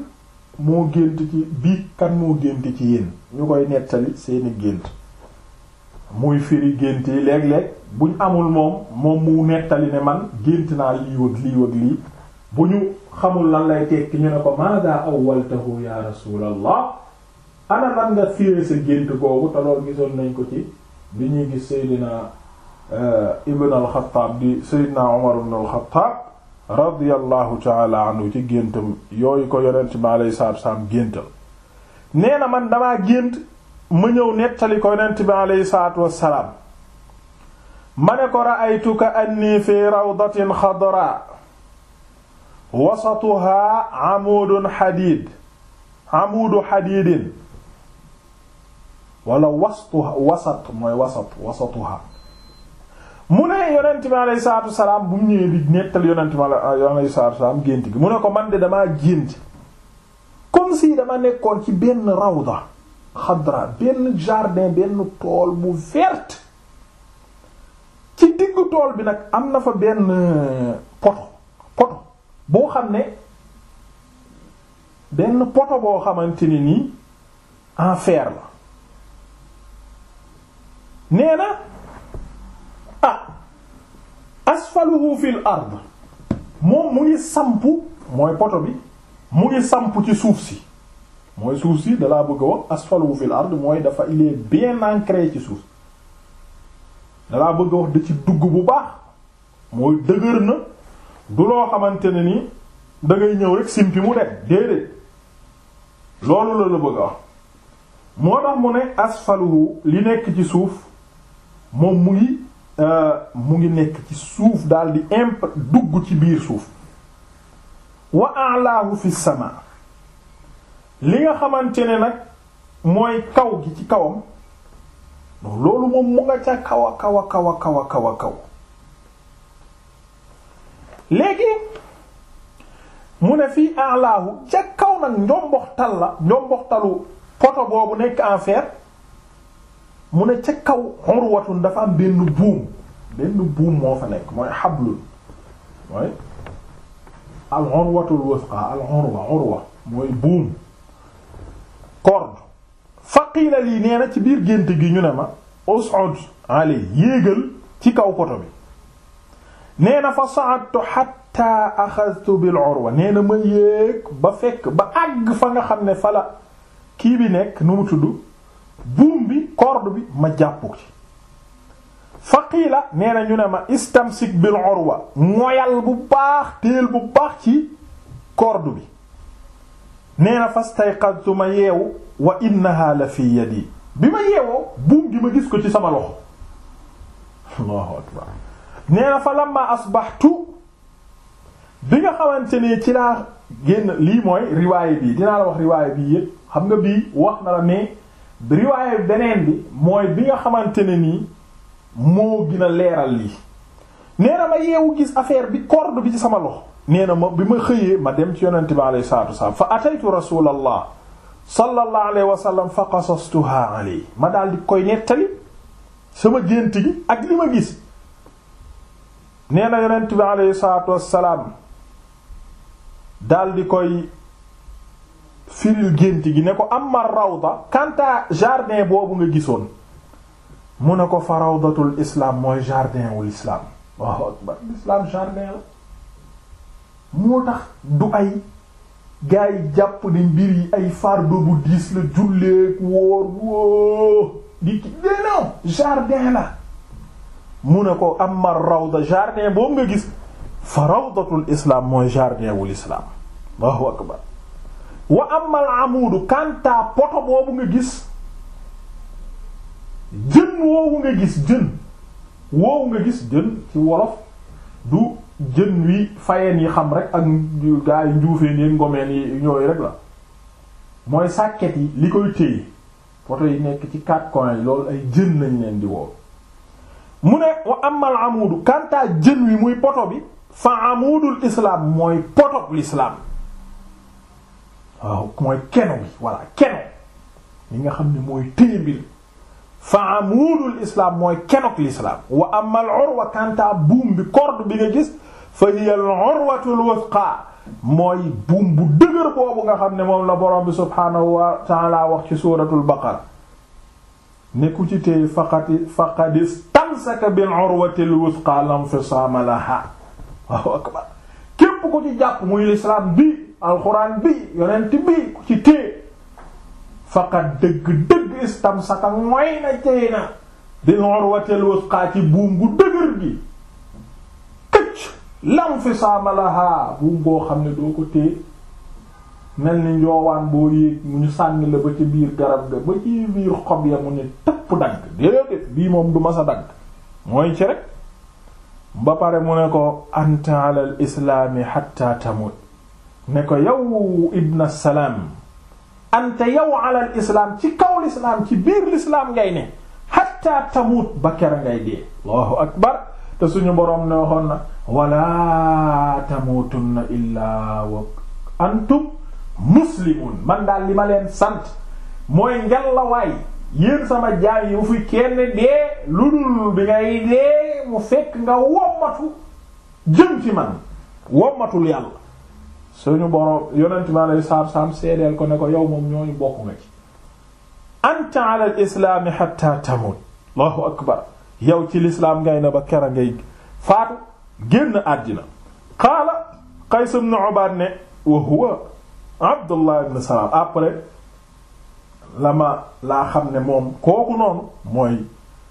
moo gént ci bii kan moo gént ci yéen ñu koy nettali seeni gént muy firi gént yi léeg-léeg buñ amul moom moom mu nettali ne man gént naa lii wëg lii bu ñu xamul lan lay tekki ñu ne ko maada awwaltahu ya rasulallah ana lan nga firé sa gént googu te gisoon nañ ko ci bi ñuy gis Seydina Eh, ibn alxataab di seydna omar ibn alxataab radiallahu taala anhu ci géntam yooyu ko yonent bi aleyhi salaatu wasalaam géntal nee na man damaa gént ma ñëw nettali ko yonent bi aleyhi salaatu wasalaam ma ne ko ra'aytuka anni fi rawdatin xadra wasatuhaa amuudun xadiid amuudu xadiidin wala wastu wasat mooy wasat wasatuhaa mu ne yonent bi alayhi salaam bu mu ñëwee di nettal yonent bi alayhi salaatu salaam gént gi mu ne ko man de damaa gént comme si dama nekkoon ci benn rawda xadra benn jardin benn tool bu verte ci diggu tool bi nag am na fa benn poto poto boo xam ne benn poto boo xamante ne nii en fer la nee na ah asfaluhu fil ard moom mu ngi sampu mooy poto bi mu ngi sampu ci suuf si mooy suuf si dalaa bëgg a wax asfaluhu fil ard mooy dafa il est bien ci suuf dalaa bëgg a wax da ci dugg bu baax mooy dëgër na du loo xamante ne ni da ñëw rek simpi mu dem déedéet loolu la la bëgg wax moo tax mu ne asfaluhu li nekk ci suuf moom mu ngi Euh, mu ngi nekk ci suuf daal di imp dugg ci biir suuf wa alaahu fi sama li nga xamante ne nag mooy kaw gi ci kawam loolu moom mu nga ca kaw a kaw a kaw a kaw a kaw a kaw léegi mu ne fii alaahu ca kaw nag njomboxtal la njomboxtalu poto boobu nekk en fer mu ne ca kaw urwatun dafa am benn buum benn buum moo fa nekk mooy xablul mooy al urwatul wusqa al urwa mooy buum corde faqiila lii nee ci biir gént gi ñu ne ma us'ud ali yéegal ci kaw poto bi nee na fa sa'adtu hatta axadtu bil urwa nee na ma yéeg ba fekk ba àgg fa nga xam ne fala kii bi nekk nu mu tudd buum bi corde bi ma jàppu ci faqiila nee na ñu ne ma istamsik bil urwa moyal bu baax téel bu baax ci corde bi nee na fastayqadtu ma yeewu wa innaha la fi yadi bi ma yeewoo buum gi ma gis ko ci sama loxo allahu akbar nee na fa lamma asbaxtu bi nga xamante ne ci laa génn lii mooy riwaay bii dinaa la wax riwaay bii yépp xam nga bii wax na la mais riwaaye beneen bi mooy bi nga xamante ne nii moo gën a leeral lii nee na ma yeewu gis affaire bi corde bi ci sama loxo nee na ma bi ma xëyee ma dem ci yonent bi alayhi salaatu wasalaam fa ataytu rasulallah ma daal di koy nettali sama gént ak li ma gis nee na yonent bi alayhi salaatu wasalaam daal di koy firil gént gi ne ko amma rawda kanta jardin boobu nga gisoon mu ne ko fa rawdatul islam mooy jardin wul islam waaw akbar islam jardin la moo tax du ay gaa yi jàpp ni mbir yi ay fardeau bu diis la julleek wóor wóor di jardin la mu ne ko amma rawda jardin boobu nga gis fa rawdatul islam mooy jardin wul islam waaw wa amal amuudu kanta poto boobu nga gis jën woowu nga gis jën nga gis jën ci wolof du jën wi fayeen yi xam rek ak gaa yi njuufeen yi ngomeen yi ñooyu rek la mooy sàkket li koy téye poto yi nekk ci quatre coins loolu ay jën lañ leen di woowu mu ne wa amal amuudu kanta jën wi muy poto bi fa amuudul islam mooy potop l'islam waaw mooy keno bi voilà keno li nga xam ne mooy téye mbir fa amudul islam mooy kenok l'islam wa amal urwa kanta buum bi corde bi nga gis fa hiya al urwatul wuthqa mooy buum bu dëgër boobu nga xam ne moom la borom bi subhaanahu wa ta'ala wax ci suuratul baqara ne ku ci téye faqati faqadis tamsaka bil urwatil wuthqa lam fisaama laha waaw akbar képp ku ci jàpp muy l'islam bi alxuraan bi yonent bi ku ci téye faqat dëgg-dëgg istamsaka mooy na jey na bil urwatil wusqa ci buum gu dëgër gi këcc lam fi saamalaha buum boo xam ne doo ko téye mel ni njoowaan boo yéeg mu ñu sànni la ba ci biir garab ga ba ci biir xob ya mu ne tëpp dagg déedéet bii moom du sa dagg mooy ci rek ba pare mu ne ko anta islaami hatta tamut ne ko yow ibn salaam ante yow alal islaam ci kaw lislaam ci biir lislaam ngay ne hatta tamuut ba kera ngay akbar te suñu boroom ne waxoon na wala illaa wa antum muslimun man daal li ma sant mooy ngellawaay yéen sama jaam yi bu fi kenn dee lu bi ngay mu fekk nga wommatu jëm ci man wommatul yàlla suñu borom yonent bi alayhi salaatu salaam seedeel ko ne ko yow moom ñooñu bokk nga ci ala al islaami tamut allahu akbar yow ci lislaam ngay ba kera ngay faatu génn àddina qaala Qays ibn Ubaad wa huwa Abdullah ibn Salaam après la ma ne moom kooku noonu mooy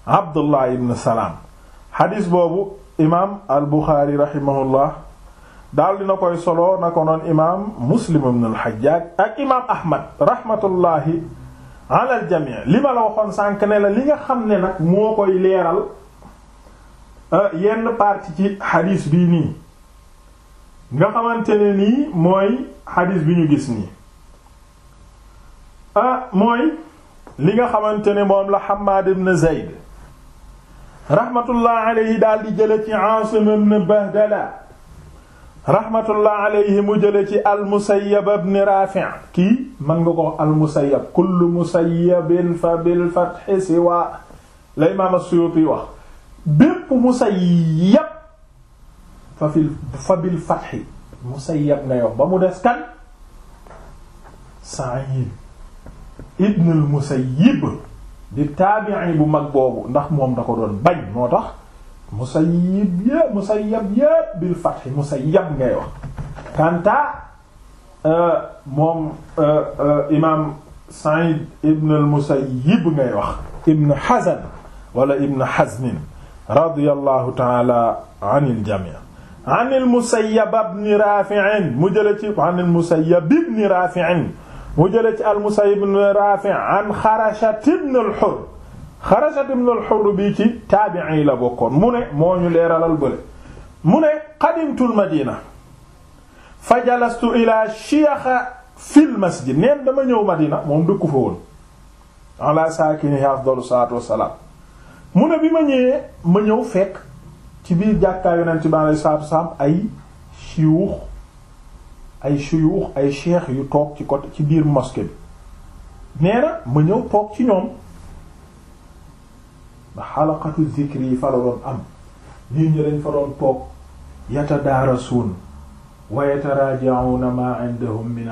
Abdullah ibn Salaam xadiis boobu imaam al Buxaari daal dina koy solo na ko noon imaam muslim ibn al ak imaam Ahmad rahmatullahi ala al-jamii li ma la waxoon sànq ne la li nga xam ne nag moo koy leeral euh, yenn parti ci xadiis bi nii nga xamante ne nii mooy xadiis bi ñu gis nii euh, mooy li nga xamante ne moom la Hammad ibn Zayd rahmatullah alayhi daal di jële ci Aasim ibn Bahdala rahmatullah alayhi mu jële ci al-Musayyab ibn Rafi' kii mën nga ko wax al-Musayyab kullu musayyabin fa bil fathi siwa la imaam as-Suyuti wax bépp musayyab fa fil fa bil fathi musayyab ngay wax ba mu des kan Sa'id ibn al-Musayyib di taabi'i bu mag boobu ndax moom da ko doon bañ moo tax musayyib yépp musayyab yépp bil fath musayyab ngay wax kanta euh, moom euh, euh, imam Sa'id ibn al-Musayyib ngay wax ibn Hazn wala ibn Hazn radiyallahu ta'ala anil jami' anil Musayyab ibn Rafi' mu jële ci anil Musayyab ibn Rafi' mu jële ci al-Musayyib ibn Rafi' an Kharasha ibn al-Hurr Xarasat ibn al bii ci taabi'i la bokkoon mu ne moo ñu leeralal bële mu ne qadimtul Madina fa jalastu ila shiyakh fil masjid neen dama ñëw Madina moom dëkku fa woon ala saakinihi afdalu salaatu wassalaam mu ne bi ma ñëwee ma ñëw fekk ci biir jàkkaa Yonent bi alayhi salaatu wassalaam ay shuyuux ay shuyuux ay cheikh yu toog ci côté ci biir mosquée bi nee na ma ñëw toog ci ñoom ndax xalaqatu zikri yi fa la doon am nit ñi dañ fa doon toog yatadaarasuun wa yataraajauna ma indahum min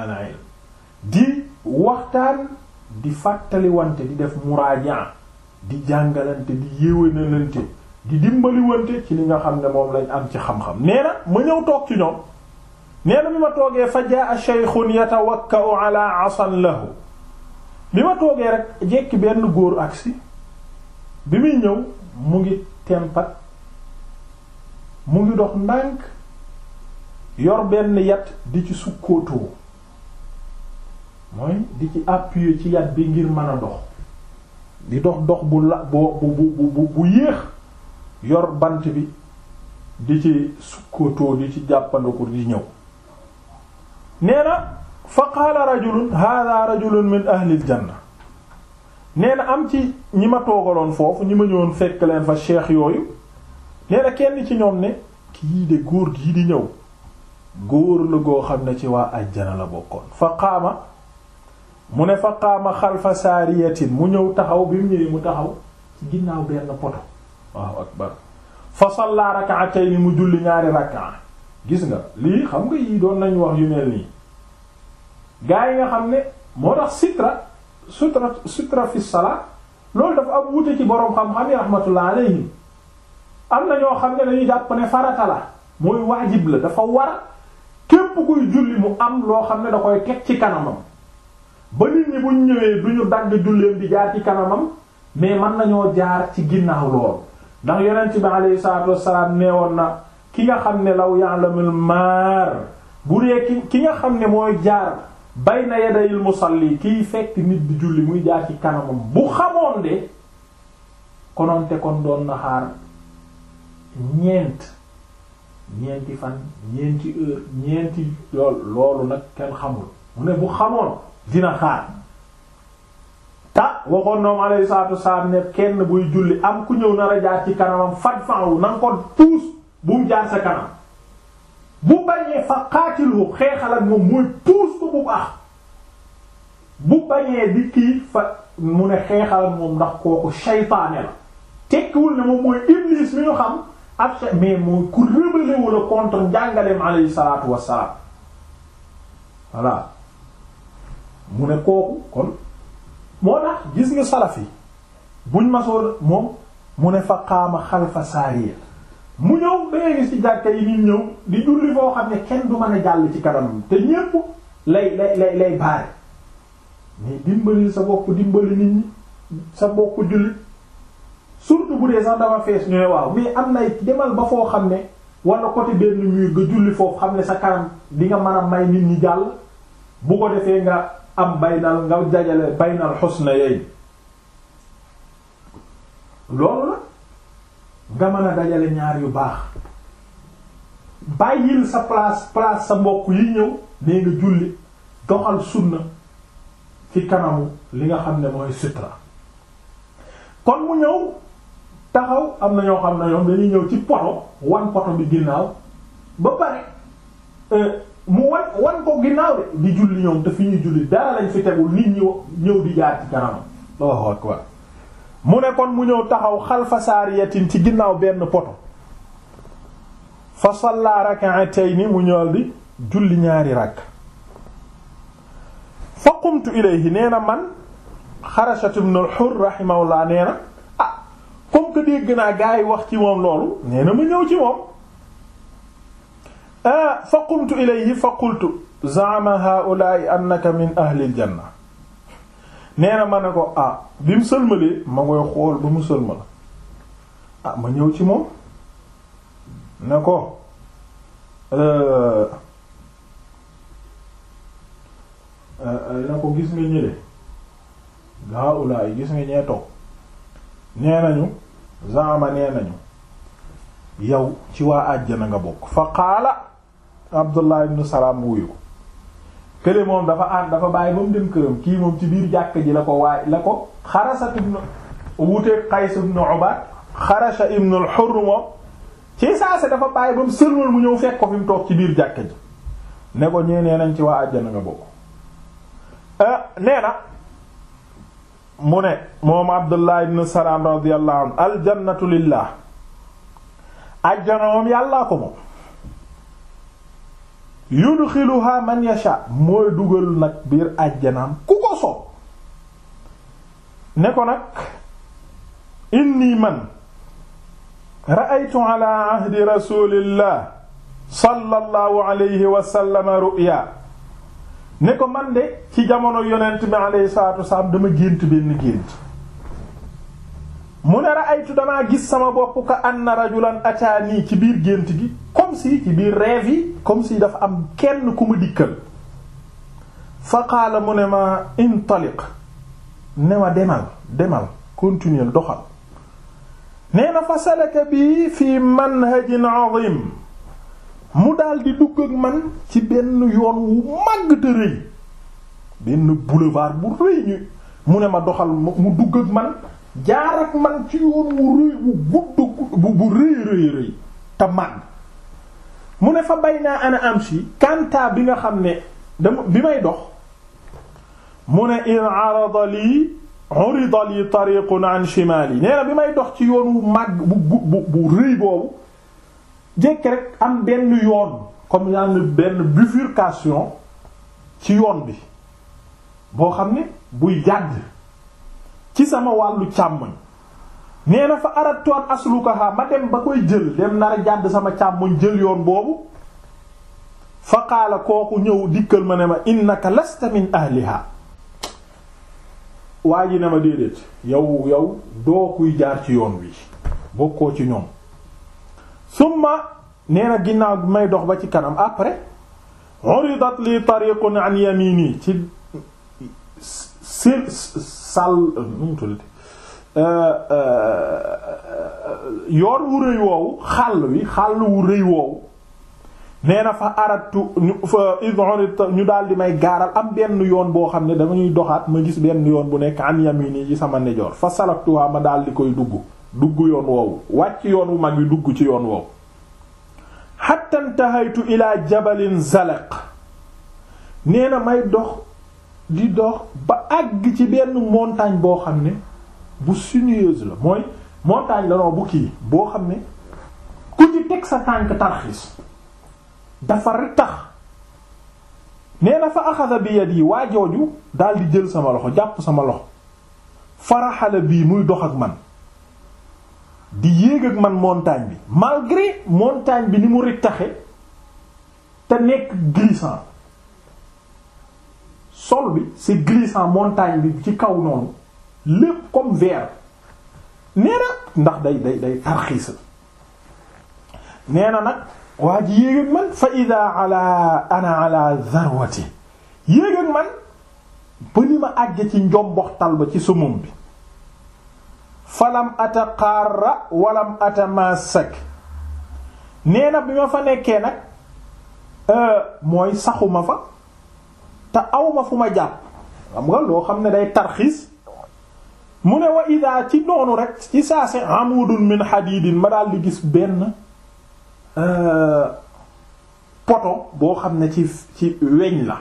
di waxtaan di fàttaliwante di def muraaja di jàngalante di yéwénalante di dimbali wante ci li nga xam ne moom lañ am ci xam-xam nee na ma ñëw toog ci ñoom nee na bi ma toogee fa jaa shaykhun yatawakka'u ala asan lahu bi ma toogee rek jekki benn góor aksi bi muy ñëw mu ngi tempat mu ngi dox ndànk yor benn yat di ci sukkootoo mooy di ci appuyer ci yat bi ngir mën a dox di dox dox bu la bu bu bu bu yéex yor bant bi di ci sukkootoo di ci jàppandiku di ñëw nee na fa qaala rajulun hada rajulun min ahli aljanna nee am ci ñi ma toogaloon foofu ñi ma ñëwoon fekk leen fa cheikh yooyu nee kenn ci ñoom ne kii de góor gi di ñëw góor la goo xam ne ci waa ajjana la bokkoon fa qaama mu ne fa qaama xalfa saariyatin mu ñëw taxaw bi mu ñëwee mu taxaw ci ginnaaw benn poto waaw akbar fa salla rak'atayn mu julli ñaari rak'a gis nga lii xam nga yii doon nañu wax yu mel nii gaa yi nga xam ne moo tax sitra sutra sutra fi loolu dafa am wute ci boroom xam-xam yi rahmatullah alayhim am na ñoo xam ne dañuy jàpp ne farata la mooy waajib la dafa war képp kuy julli mu am loo xam ne da koy teg ci kanamam ba nit ñi buñ ñëwee duñu dagg julleem di jaar ci kanamam mais mën nañoo jaar ci ginnaaw lool ndax yonent bi alayhi salaatu wassalaam nee woon na ki nga xam ne law ya'lamul maar bu dee ki ki nga xam ne mooy jaar na bayna yadayil musalli kiy fekk nit di julli muy jaar ci kanamam bu xamoon de kononte kon doon na xaar ñeent ñeenti fan ñeenti heure ñeenti yool loolu nag kenn xamul mu ne bu xamoon dina xaar ta waxoon noom alayhi salaatu wassalaam ne kenn buy julli am ku ñëw nar a ci kanamam faj faaw na nga ko bu mu jaar sa kanam bu bañee fa qaatilu xeexal ak moom mooy puus ko bu baax bu bañee di fa mu ne xeexal moom ndax kooku shaytaane la tekkiwul ne moom mooy iblis mi ñu xam ak mais mooy ku rébellé wala contre njàngaleem alayhi salaatu wassalaam voilà mu ne kooku kon moo tax gis nga salaf yi buñ masoon moom mu ne fa qaama xalfa saariya mu ñëw da ngay gis ci jàkka yi nit ñëw di julli foo xam ne kenn du mën a jàll ci kanamam te ñépp lay lay lay lay baare mais dimbali sa bopp dimbali nit ñi sa bopp julli surtout bu dee sax dafa fees ñu waaw mais am na demal ba foo xam ne wala côté benn mur nga julli foofu xam ne sa kanam di nga mën a may nit ñi jàll bu ko defee nga am baynal nga dajale baynal na yooyu loolu la. nga mën a dajale ñaar yu baax bàyyil sa place place sa mbokk yi ñëw nee nga julli doxal sunna ci kanamu li nga xam ne mooy sutra kon mu ñëw taxaw am na ñoo xam na ñoom dañuy ñëw ci poto wan poto bi ginnaaw ba pare euh, mu wan wan ko ginnaaw de di julli ñoom te fi ñuy julli dara lañ fi tegul nit ñi ñëw di jaar ci kanamam. Allahu akbar mu ne kon mu ñëw taxaw xalfa saariyatin ci ginnaaw benn poto fa salla rak'atayn mu ñëwal di julli ñaari rakk fa qumtu ilayhi nee na man Xarashat ibn al-Hurr rahimahullah nee na ah comme que dégg naa gaa yi wax ci moom loolu nee na mu ñëw ci moom ah, fa qumtu ilayhi fa qultu za'ama haa'ulaa'i annaka min ahli al-janna nee na ma ne ko ah bi mu sëlmalee ma ngoy xool ba mu sëlmal ah ma ñëw ci moom ne ko euh, euh, ne ko gis nga ñële gaa ulaay gis nga ñee toog nee nañu zaama nee nañu yow ci waa àjjana nga bokk fa qaala Abdullah ibn Salaam wuyu ko kële moom dafa ànd dafa bàyyi ba mu dem kii moom ci biir jàkk ji la ko waaye la ko xarasat ibnu wuteeg Qays ibnu Ubaad xarasa ibnu al moom ci saase dafa bàyyi ba mu mu ñëw fekk ko fi toog ci biir jàkk ji ne ko ñee nee nañ ci waa àjjana nga bokk euh, nee na mu ne moom Abdullah ibn Salam radiyallahu anhu aljannatu lillah àjjana moom yàllaa ko moom yudxiluha man yasha mooy dugal nag biir àjjanaam ku ko soob ne ko nag inni man ra'aytu ala ahdi rasulillah sallallahu alayhi wa sallam ne ko man de ci jamono yonent bi alayhi salatu wasalaam dama gént benn gént mu ne ra'aytu damaa gis sama bopp ka anna rajulan ataani ci biir gént gi comme si ci biir rêve yi comme si dafa am kenn ku ma dikkal fa mu ne ma intaliq ne ma demal demal continuer doxal nee fa salaka bi fi manhajin azim mu daal di dugg man ci benn yoon wu màgg te benn boulevard bu rëy mu ne ma doxal mu dugg man jaar ak man ci yoon wu rëy bu gudd bu rëy rëy rëy te màgg mu ne fa bay naa ana am si kanta bi nga xam ne dama bi may dox mu ne in arada lii urida lii tariqun an shimali nee na bi may dox ci yoon wu màgg bu bu bu rëy boobu jekk rek am benn yoon comme yaa ngi benn bifurcation ci yoon bi boo xam ne buy yàgg ci sama wàllu càmmoñ nee na fa aradtu an aslukaha ma dem ba koy jël dem nar jàdd sama càmmoñ jël yoon boobu fa qaala kooku ñëw dikkal ma ne ma innaka lasta min ahliha waa ji ne ma déedéet yow yow doo kuy jaar ci yoon wi bokkoo ci ñoom summa nee na ginnaaw bi may dox ba ci kanam après uridat li tariqun an yamini ci sàll euh, nu mu euh, euh, wu rëy woowu xàll wi xàll wu rëy woowu nee fa aratu fa ñu daal di may gaaral am benn yoon boo xam ne dama ñuy doxaat ma gis benn yoon bu nekk an yamini yi sama nejoor fa salaktuha ma daal di koy dugg dugg yoon woowu wàcc yoon wu mag wi dugg ci yoon woowu hatta intahaytu jabalin zalaq nee may dox di dox ba àgg ci benn montagne boo xam ne bu sinueuse la mooy montagne la non kii boo xam ne ku ci teg sa tànk tarxis dafa retax nee na fa axada bi yi waa jooju daal di jël sama loxo jàpp sama loxo faraxala bii muy dox ak man di yéeg ak man montagne bi malgré montagne bi ni mu retaxe te nekk glissant sol bi c'est glissant montagne bi ci kaw noonu lépp comme verre nee ndax day day day tarxiis nee na nag waa ji yéeg man fa ida ala ana ala zarwati yéeg man ba ma àgg ci njomboxtal ba ci sumum bi falam ata xaarra walam ata masak nee bi ma fa nekkee nag euh, mooy saxuma fa te awma fu ma jàpp xam nga loo xam ne day tarxiis mu ne wa ida ci noonu rekk ci saa si amudun min hadidin ma daal di gis benn euh, poto boo xam ne ci ci weñ la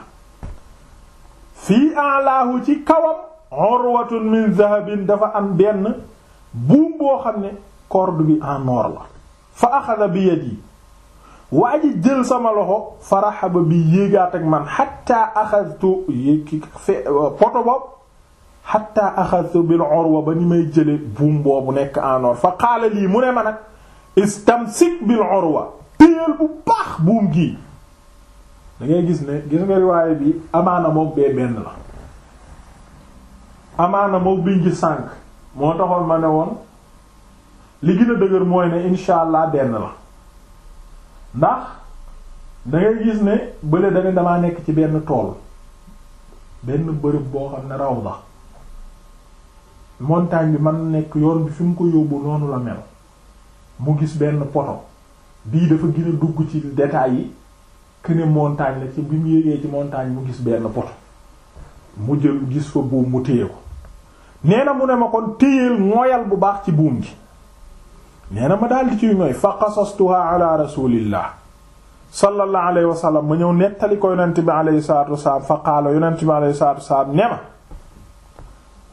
fii alaahu ci kawam urwatun min zahabin dafa am benn buum boo xam ne corde bi en or la fa axada bi yadi waa ji jël sama loxo faraxaba bi yéegaat ak man xatta axadtu euh, poto boobu xatta axadtu bil urwa ba ni may jële buum boobu nekk en fa qaala lii mu ne ma nag istamsik bil urwa téyeel bu baax buum gii da gis ne gis nga riwaaye bi amaana moom bee benn la amaana moom biñ ci sànk moo taxoon ma ne woon li gën dëgër mooy ne insha allah benn la ndax da gis ne bële dane damaa nekk ci benn tool benn bërëb boo xam ne raw na montagne bi man nekk yoon bi fi mu ko yóbbu noonu la mel mu gis benn poto bii dafa gën a dugg ci détails yi que ne la ci bi mu yéegee ci montagne mu gis benn poto mu jël gis fa buum mu téye ko nee na mu ne ma kon téyeel mooyal bu baax ci buum gi nee na ma daal di ci ñooy fa qasastuha ala rasulillah sallallahu alayhi wa sallam ma ñëw nettali ko yonent bi alayhi salatu wasalaam fa qaala yonent bi alayhi salatu ne ma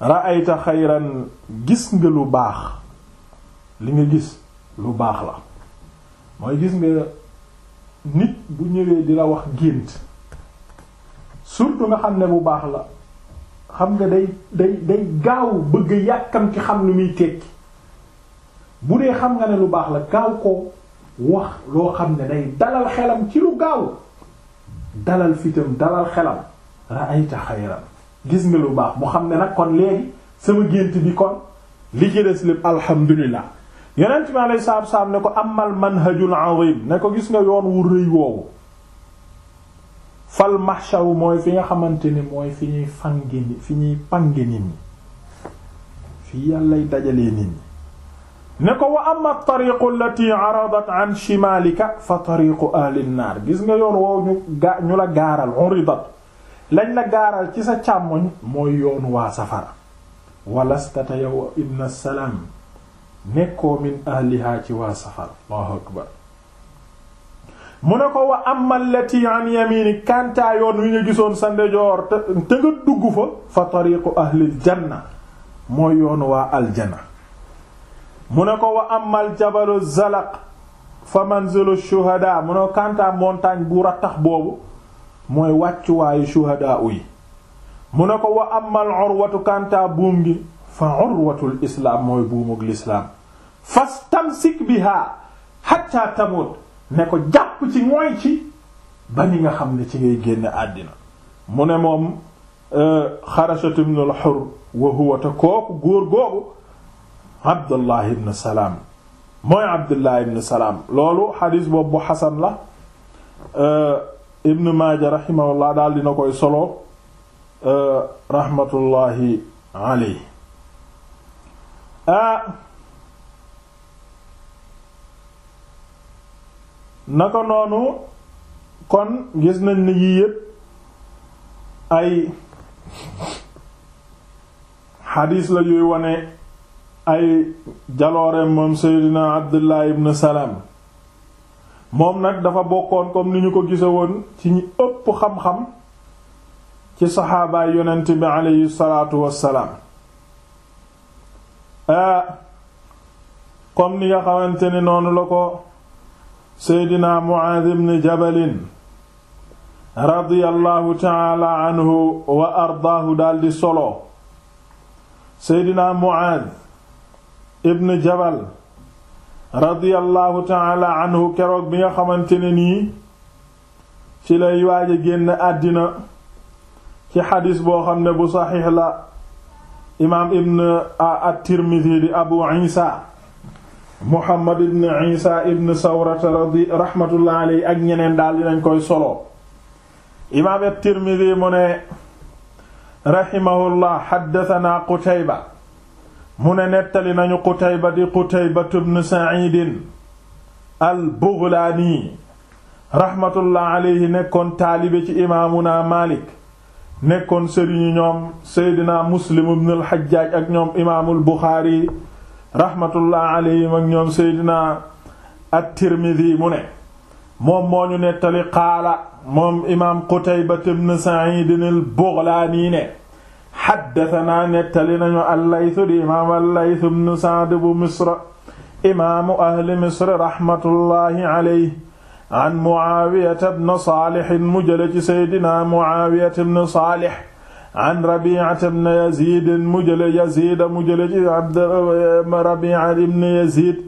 ra'ayta xayran gis nga lu baax li nga gis lu baax la mooy gis nga nit bu ñëwee di la wax gént surtout nga xam ne bu baax la xam nga day day day gaaw bëgg yàkkam xam lu muy tekki bu dee xam nga ne lu baax la gaaw ko wax loo xam ne day dalal xelam ci lu gaaw dalal fitam dalal xelam ra'ayta xayran gis nga lu baax mu xam ne nag kon léegi sama gént bi kon li ci des lépp alhamdulilah yonent bi alayhi salaatu salaam ne ko amal manhajul azim ne ko gis nga yoon wu rëy woowu fal mahshaw mooy fi nga xamante ni mooy fi ñuy fange ni fi ñuy pange nit ñi fi yàllay dajalee nit ñi ne ko wa amma tariqu allati aradat an shimalika fa tariqu ahli naar gis nga yoon woow ñu ga ñu la gaaral uridat lañ la gaaral ci sa càmmoñ mooy yoon waa safara walastata yow ibna salaam nekkoo min ahlihaa ci waa safara mu ne ko wa amma allati an yamini kantaa yoon wi nga gisoon sa ndejoor te nga dugg fa fa tariqu ahli aljanna mooy yoon waa aljana mu ne ko wa amal jabalu zalaq fa manzilu shuhada mu ne kanta montagne bu rattax boobu mooy wàccuwaayu shuhada yi mu ne ko wa amal urwatu kanta buum gi fa urwatul islaam mooy buumug lislaam fastamsik biha hatta tamut ne ko jàpp ci mooy ci ba ni nga xam ne ci ngay génn àddina mu ne moom euh, xarashat ibn al-hur wa huwa ta kooku góor googu abdullah ibn salaam mooy abdullah ibn salaam loolu xadiis boobu bu la euh, ibn maaja raximahullah daal dina koy solo euh, raxmatullahi aley ah noonu kon gis nañ ni yii yépp ay xadiis la yuy wane ay jaloorem moom seydina abdullah ibn salaam moom nag dafa bokkoon comme ni ñu ko gise woon ci ñi ëpp xam-xam ci saxaabaay yonent bi aleyhi salaatu wassalaam comme ni nga xamante ni noonu la ko seydina muaaz ibn jabalin radiyallahu taala wa ardaahu daldi solo seydina muaaz ibn jabal radiyallahu taala anhu keroog bi nga xamante ne nii ci lay waaj génn àddina ci xadis boo xam ne bu saxiix la imaam ibn at-tirmidhi di abu isa muhammad ibn isa ibn sawrata radi rahmatullah alayhi ak ñeneen daal dinañ koy solo imaam at-tirmidhi mu ne rahimahullah xaddatanaa qutayba mu ne nettali nañu Qutayba di Qutayba ibn Sa'id al-Baghlani rahmatullah alayhi nekkoon taalibe ci imaamuna Maalik nekkoon sëriñu ñoom Seydina Muslim ibn al-Hajjaj ak ñoom imaamul Buxaari rahmatullah alayhi ak ñoom Seydina at-Tirmidhi mu ne moom moo ñu nettali qaala moom imaam Qutayba ibn Sa'id al-Baghlani ne xaddatanaa nettali nañu allaytu di imaam allaytu bnu saad bu misra imaamu ahli misra raxmatullaahi alayhi an muaawiyata bnu saalixin mu jële ci seydina muaawiyata bnu saalix an rabiicata bnu yaziidin mu jële yaziida mu jële ci abd rabiica ibnu yaziid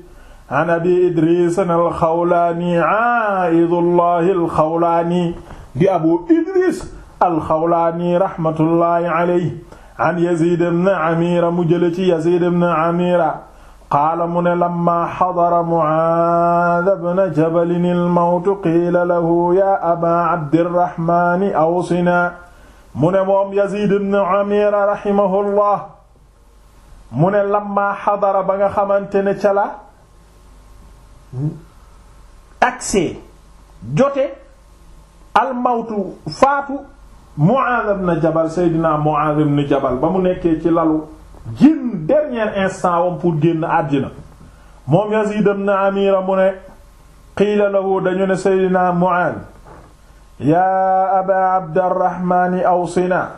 an abi idrisin alxawlaani aa'idullaahi alxawlaani di abu idris alxawlaani raxmatullaahi alayhi an yazid ibn amira mu jële ci yazid ibn amira qaala mu ne lamma xadara mucaad ibn jabalin almawtu qiila lahu yaa aba abdirraxmaani awsinaa mu ne moom yazid ibn amira raximahullah mu ne lamma xadara ba nga xamante ne ca la agse jote almawtu faatu Mu'adh ibn Jabal Seydina Mu'adh ibn Jabal ba mu nekkee ci lalu jin dernier instant wam pour génn àddina moom Yazid ibn Amira mu ne qiila lahu dañu ne Seydina Mu'adh yaa Aba Abdurrahmaan awsinaa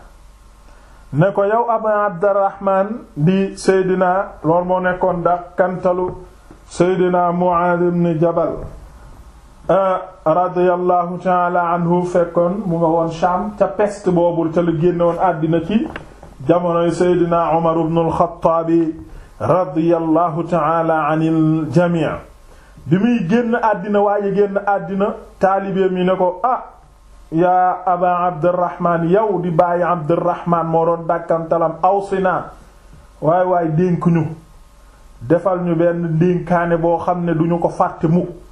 ne ko yow Aba Abdurrahmaan di Seydina loolu moo nekkoon dax kantalu Seydina Mu'adh ibn Jabal Euh, radiyallahu taala anhu fekkoon mu nga woon Sham ca peste boobu ca la génnoon àddina ci jamonoy Seydina Umar ibn al-Khattab radiyallahu taala anil jamii bi muy génn àddina waaye génn àddina taalibe mi ne ko ah aba Abdurrahman yow di bàyyi Abdurrahman moo doon dàkkantalam awsina waay waay dénk ñu defal ñu benn dénkaane boo xam ne duñu ko fàtte mukk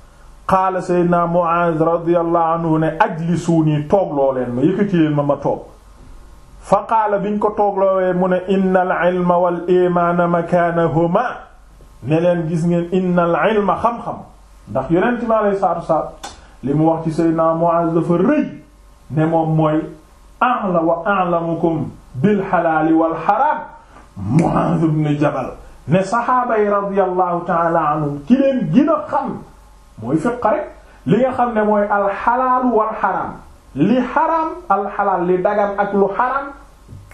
qaala seydna Mu'aaz radiyallahu anhu ne ajlisuunii toogloo leen ma yëkkati leen ma ma toog fa qaala biñ ko toogloowe mu ne inna al ilma wal imaana makaanahuma ne leen gis ngeen inna al ilma xam-xam ndax yonent ma lay saatu saat li mu wax ci seydna Mu'aaz dafa rëy ne moom mooy a'la wa a'lamukum bil xalaali wal xaraam Mu'aaz ibn Jabal ne saxaaba yi radiyallahu ta'ala anhum ki leen gën a xam mooy fiq rek li nga xam ne mooy alxalaalu wal xaraam li xaraam alxalaal li dagan ak lu xaraam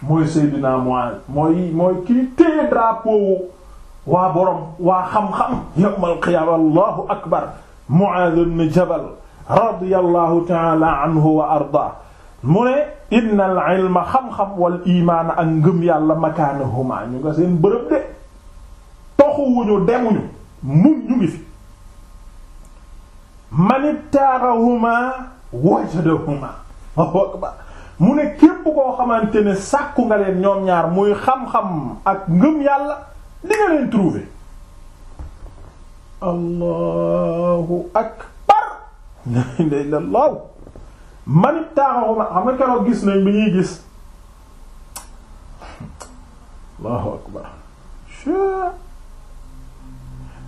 mooy Seydina Muaz mooy mooy kii téye drapeau waa borom waa xam-xam yawmal qiyaama allahu akbar Muaz ibn Jabal radiyallahu ta'ala anhu wa arda mu ne inna al ilma xam-xam wal imaan ak ngëm yàlla makaanahuma ñu nga seen bërëb de toxuwuñu demuñu mu ñu ngi fi manittaarahuma wajadahuma mu ne képp koo xamante ne sàkku nga leen ñoom ñaar muy xam-xam ak ngëm yàlla di nga leen trouver allahu akbar day la law manittaarahuma xam nga keroog gis nañ bi ñuy gis allahu akbar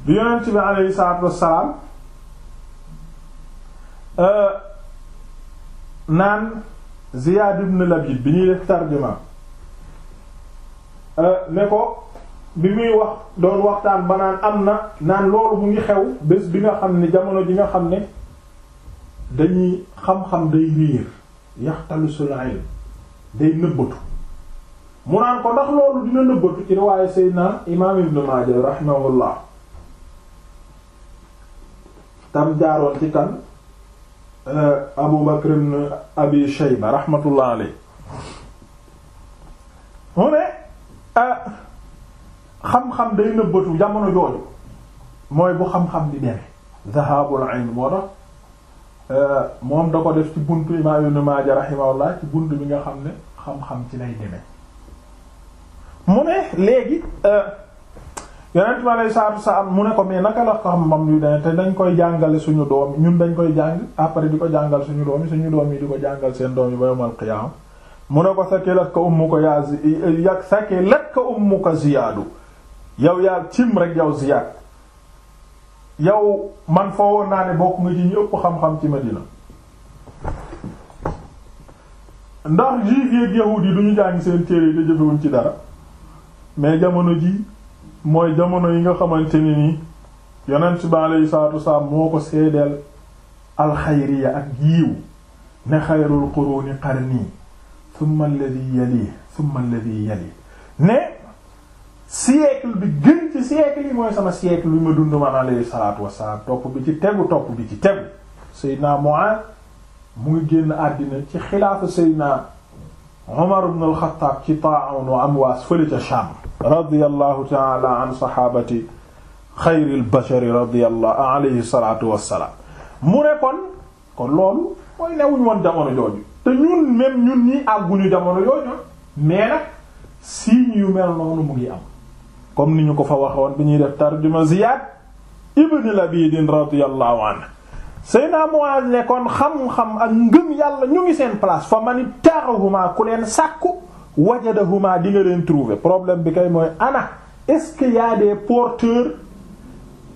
bi yonent bi alayhi salaatu wassalaam Euh, naan Ziyaad ibn Labid bi ñuy def tarjuma euh, ne ko bi muy wax doon waxtaan ba naan am na naan loolu mu ngi xew bés bi nga xam ne jamono ji nga xam ne dañuy xam-xam day réer yaxtalusul ilm day nëbbatu mu naan ko ndax loolu dina nëbbatu ci riwaaye Seydina imaam Ibn Maaja rahimahullah tam jaaroon ci kan Euh, Abu Bakr Abi Shayba rahmatullah alayhi mu ne euh, xam-xam day nëbbatu jamono jooju mooy bu xam-xam di demee zahabul ayn moo tax euh, moom da ko def ci bunt imaam Ibn Maaja rahimahullah ci bunt bi nga xam ne xam-xam ci lay demee mu ne léegi yonent bi aleyhi salaatu wasalaam mu ne ko mais naka la xam-xam yu dene te dañ koy jàngale suñu doom ñun dañ koy jàng après di ko jàngal suñu doom yi suñu doom yi di ko jàngal seen doom yi ba yawmal qiyaama mu ne ko sakilat ka ummuka yaa ya sakilat ka ummuka ziyaadu yow yaa cim rek yow ziyaad yow man foo woon naa ne bokk nga ci ñu xam-xam ci Madina ndax juif yi ak yahuud yi du ñu jàngi seen téere yi te jëfewuñ ci dara mais jamono ji mooy jamono yi nga xamante ne ni yonent bi aleyhi salaatu wasalaam moo ko seedeel alxayriya ak yiiw ne xayrul quruni qarni thumma alladhi yali thumma alladhi yali ne siècle bi gën ci siècle yi mooy sama siècle bi ma dund man aleyhi salaatu wasalaam topp bi ci tegu topp bi ci tegu Seydina Mu'aaz mu ngi génn àddina ci xilaafa Seydina Umar ibn al ci Ta'un wa Amwaas fële ca Sham radiyallahu taala an saxaabati xayril bashari radiyallahu alayhi salaatu wassalaam mu ne kon kon loolu mooy newuñ woon jamono jooju te ñun même ñun ñi àgguñu jamono jooju mais nag signe yu mel noonu mu ngi am comme ni ñu ko fa waxoon bi ñuy def tarjuma Ziyaad ibn Labiid radiyallahu anhu Seyna Muaaz ne kon xam-xam ak ngëm yàlla ñu ngi seen place fa man taarahuma ku leen sàkku wajadahuma di nga leen trouver problème bi kay mooy ana est-ce qu'il y a des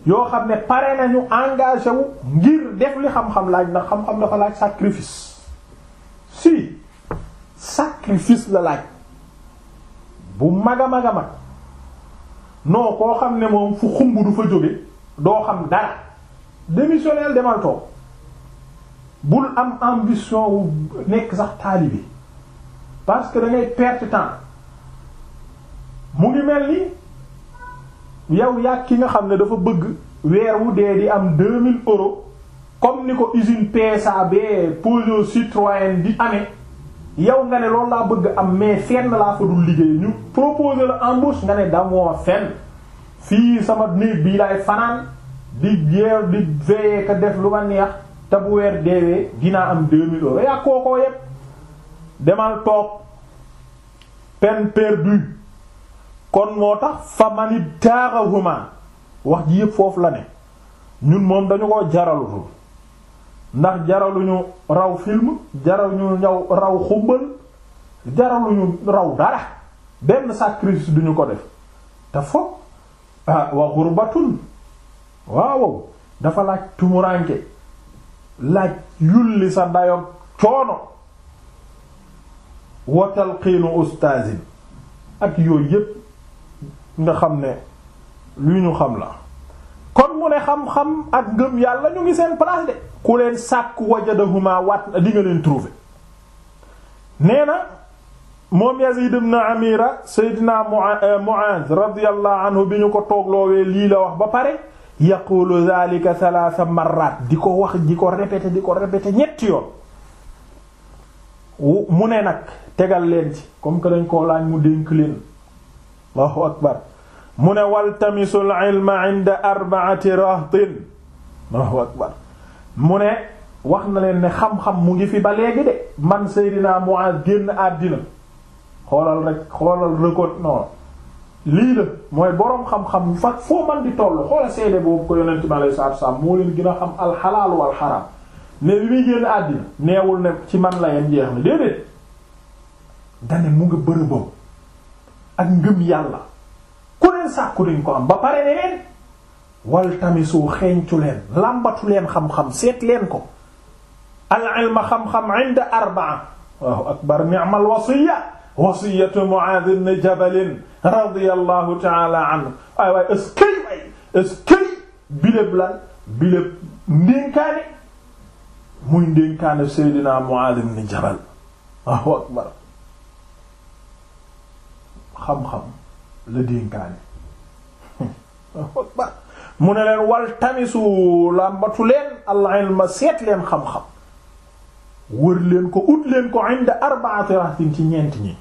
yoo xam ne pare nañu engagé wu ngir def li xam-xam laaj ndax xam-xam dafa laaj sacrifice si sacrifice la laaj bu mag a mag a mag koo xam ne moom fu xumb du fa jóge doo xam dara démissionnel demal toog bul am ambition nekk sax taalibe parce que da ngay perte temps mu ngi mel ni yow yàgg ki nga xam ne dafa bëgg weer wu dee di am 2000 euros comme ni ko usine PSAB Peugeot Citroën di amee yow nga ne loolu laa bëgg am mais fenn laa fa liggéey ñu proposer la embauche nga ne damoo fenn fii sama néeg bii laay fanaan di jeer di veillé def lu ma neex te bu weer deewee dinaa am 2000 euros yaa kookoo demal toog peine perdue kon moo tax fa manit taaxahuma wax ji yépp foofu la ne ñun moom dañu ko jaralutul ndax jaraluñu raw film jaraluñu ñaw raw xumbal jaraluñu raw dara benn sacrifice duñu ko def te foog ah wa xurbatun waaw dafa laaj tumuranke laaj yulli sa dayo coono wa talqiinu ustaazin ak yooyu yépp nga xam ne lu ñu xam la kon mu ne xam-xam ak gëm yàlla ñu ngi seen place de ku leen sàkk wajadahuma waat di nga leen trouver nee na moom Yazid ibn Amira Seydina euh, Mu'aaz radiyallahu anhu bi ñu ko toogloowee lii la wax ba pare yaqulu zalika thalatha marrat di ko wax di ko répéter di ko répéter ñetti yoon mu ne nag tegal leen ci comme que dañ koo laaj mu dénk leen Allahu akbar ne waltamisul ilma inda akbar mu ne wax na leen ne xam mu ngi fi ba léegi de man Seydina Muaz génn àddina xoolal rek xoolal record non lii la mooy boroom xam-xam fag foo man di toll xoolal seede boobu ko yonent mi alayhi salaatu moo leen gën a xam alxalaal wal xaraam ne bi muy génn àddina ci man la yem jeex na déedéet dane mu nga bërëbam ak ngëm yàlla ku leen sàkku ko am ba pare ne leen wal tamisu xam-xam seet leen ko al ilma xam-xam inda arbaa waaw akbar ni'mal wasiya wasiyatu Mu'aaz ibn Jabal radiyallahu ta'ala anhu ay waay eskay way eskay bileb lan bileb ndénkaane muy ndénkaane Seydina Mu'adh ibn Jabal Allahu akbar xam-xam la dénkaane Allahu akbar mu ne leen wal tamisu làmbatu leen al-ilma seet leen xam-xam wër leen ko ut leen ko inda arba'ati rahtin ci ñeent ñi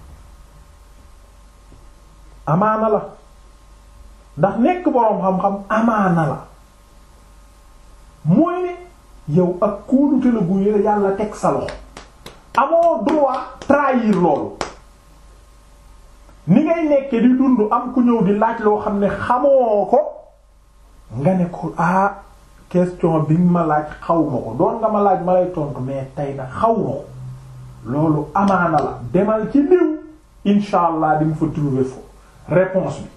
amaana la ndax nekk boroom xam-xam amaana la mooy yow ak kóolute la bu yëre yàlla teg sa loxo amoo droit trahir loolu ni ngay nekke di dund am ku ñëw di laaj loo xam ne xamoo ko nga ne ko ah question bi ma laaj xaw ko doon nga ma laaj ma lay tontu mais tey na xaw ma ko loolu amaana la demal ci diw incha allah di nga fa trouver fo réponse bi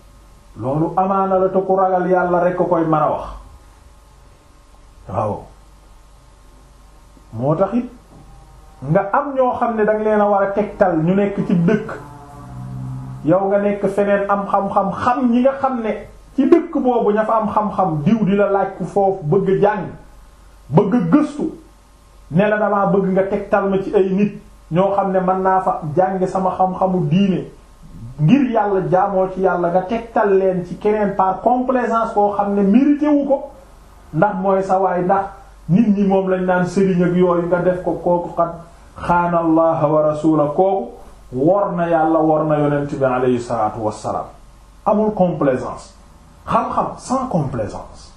loolu amaana la te ku ragal yàlla rek a koy mën a wax waaw moo tax it nga am ñoo xam ne danga leen a war a tegtal ñu nekk ci dëkk yow nga nekk feneen am xam-xam xam ñi nga xam ne ci dëkk boobu ña fa am xam-xam diw di la laaj ku foofu bëgg jàng bëgg gëstu ne la damaa bëgg nga tegtal ma ci ay nit ñoo xam ne mën naa fa jànge sama xam-xamu diine ngir yàlla jaamoo ci yàlla nga tegtal leen ci keneen par complaisance koo xam ne mérité wu ko ndax mooy sa waay ndax nit ñi moom lañ naan sëriñ ak yooyu nga def ko kooku xat xaana wa rasula kooku wor na yàlla wor na yonent bi aleyhi salatu wassalaam amul complaisance xam-xam sans complaisance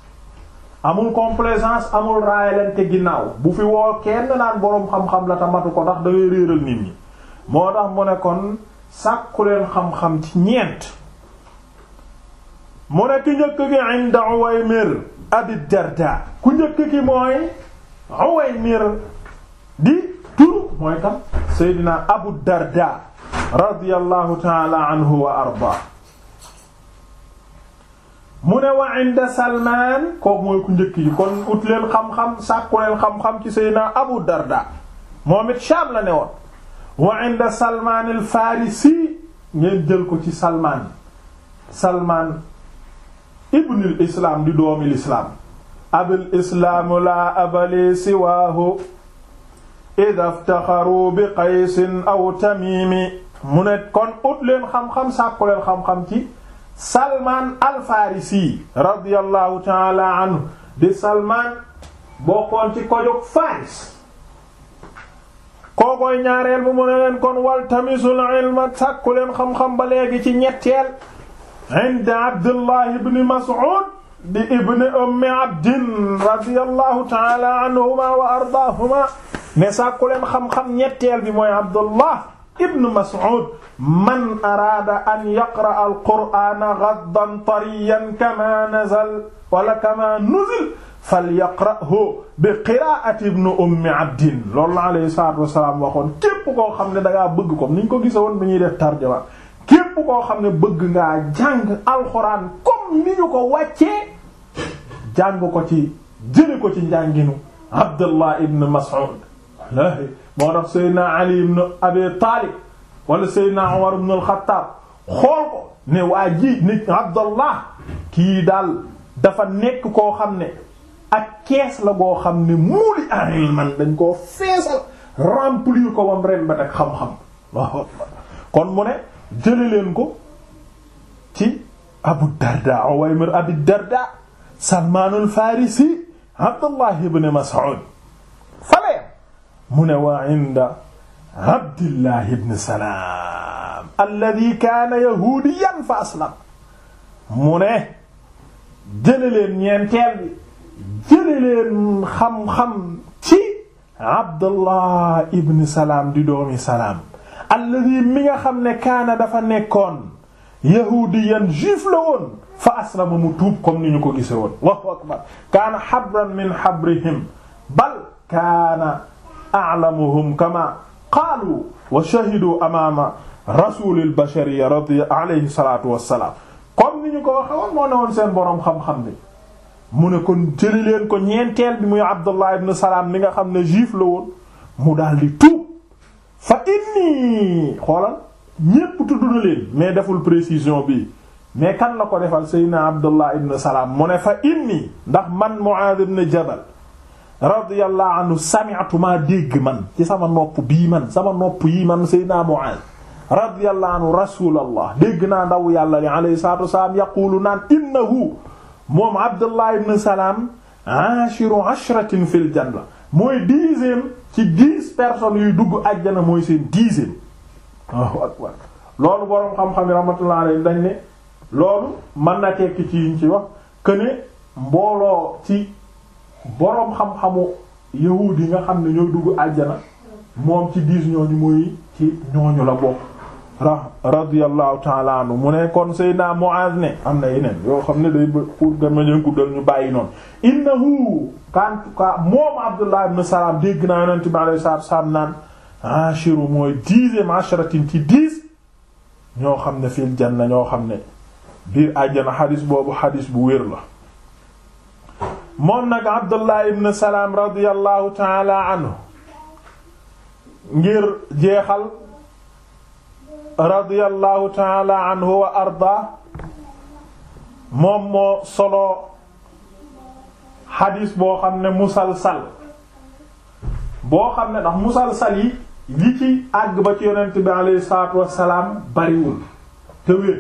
amul complaisance amul raayalante ginnaaw bu fi woo kenn naan boroom xam-xam la tamatu ko ndax da réeral nit ñi moo tax mu ne kon sàkku xam-xam ci ñeent mu ne ki njëkk gi inda Uwaymir Abi Darda ku njëkk ki mooy Uwaymir di tur mooy tam Seydina Abu Darda radiyallahu ta'ala mu ne wa inda Salman kooku mooy ku njëkk kon ut leen xam-xam ci Seydina Abu Darda moom it Sham la ne woon wa inda Salman al-Farisi jël ko ci Salman Salman ibnul islaam di doomi lislaam abul islaamu laa abali siwaahu ida ftaxaru bi qaysin aw tamimi mu ne kon ut leen xam-xam sàkku leen xam-xam ci salmaan alfarisi radiallahu taala anhu di salmaan bokkoon ci kojug faris kookoy ñaareel bu mu ne leen kon wal tamisul ilma sàkku leen xam-xam ba léegi ci ñetteel inda Abdullah ibn Mas'ud di ibn Ummi Abdin radiyallahu ta'ala anhuma wa ardaahuma ne sàkku leen xam-xam ñetteel bi mooy Abdullah ibn Mas'ud man araada an yaqra'a al-Qur'aana ghaddan tariyan kamaa nazal wala kamaa nuzil falyaqra'hu bi qiraa'ati ibn ummi abdin loolu la alayhi salaatu wa salaam waxoon képp koo xam ne da ngaa bëgg ko ni ñu ko gisoon bi ñuy def tarjuma képp koo xam ne bëgg ngaa jàng alxuraan comme ni ñu ko wàccee jàng ko ci jële ko ci njànginu Abdullah ibn Mas'ud wallahi moo tax Seydina Ali ibn Abi Talib wala Seydina Umar ibn al xool ko ne waa ji Abdullah kii daal dafa nekk koo xam ne ak kees la goo xam ne muuli enil man dañ koo feesal remplir ko bam rem ba xam-xam kon mu ne jële leen ko ci abu darda uwaymir abi darda salmaanul farisi abdullah ibn mas'ud falee mu ne waa inda abdillah ibn salaam alladi kaana yahuudiyan fa aslam mu ne jële leen ñeenteel bi jële leen xam-xam ci abdullah ibn salaam di doomi salaam alladi mi nga xam ne kaana dafa nekkoon yahudiyan juif la woon fa aslama mu tuub comme ni ñu ko gise woon allahu akbar kaana habran min habrihim bal kaana a'lamuhum kama qaalu wa shahidu amaama rasulil radi alayhi salatu wassalam comme ñu ko waxe woon boroom xam bi mu ne kon jëli leen ko ñeenteel bi muy abdullah ibn salaam mi nga xam ne juif la mu daal di tuub fa inni xoolal ñépp tudd na leen mais deful précision bi mais kan la ko defal seydna abdullah ibn salaam mu ne fa inni ndax man muaad ibn jabal radiyallahu anhu sami'tu ma dégg man ci sama nopp bii man sama nopp yi man seydna muaad radiyallahu anhu rasulallah dégg naa ndaw yàlla li alayhi salaatu wasalaam yaqulu naan innahu moom abdullah ibn salaam ashiru ashratin fil janna mooy dixième ci dix personnes yuy dugg àjjana mooy seen dixième waaw akbar loolu boroom xam-xam yi rahmatullah alayhi ne loolu mën na tekki ci yiñ ci wax que ne mbooloo ci boroom xam-xamu yahuud yi nga xam ne ñooy dugg àjjana moom ci dix ñooñu mooy ci ñooñu la bokk radiyallahu taala anhu mu ne kon Seydina Muaz ne am na yeneen yoo xam ne day pour nga ma leen guddal ñu bàyyi noonu innahu kantuka moom Abdullah ibn Salam dégg naa yonent bi alayhi salaatu salaam naan mooy dixième asharatin ci dix ñoo xam ne fil janna ñoo xam ne biir àjjana xadis boobu xadis bu wér la moom nag Abdullah ibn Salam radiyallahu taala anhu ngir jeexal radiyallahu taala anhu wa arda moom moo solo xadiis boo xam ne musalsal boo xam ne ndax musalsal yi li ci àgg ba ci yonent bi alayhi salaatu wassalaam bariwul te wér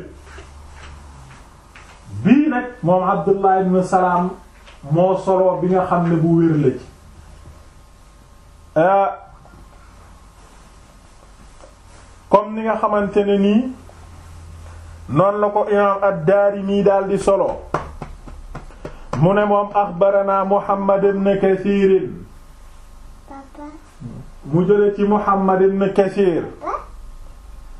bii nag moom Abdullah ibn Salaam moo solo bi nga xam ne bu wér la ci euh, comme ni nga xamante ne nii noonu la ko imaam ad-Daarimi daal di solo mu ne moom axbarana Muhammad ibn Kasiir mu jële ci Muhammad ibn Kasiir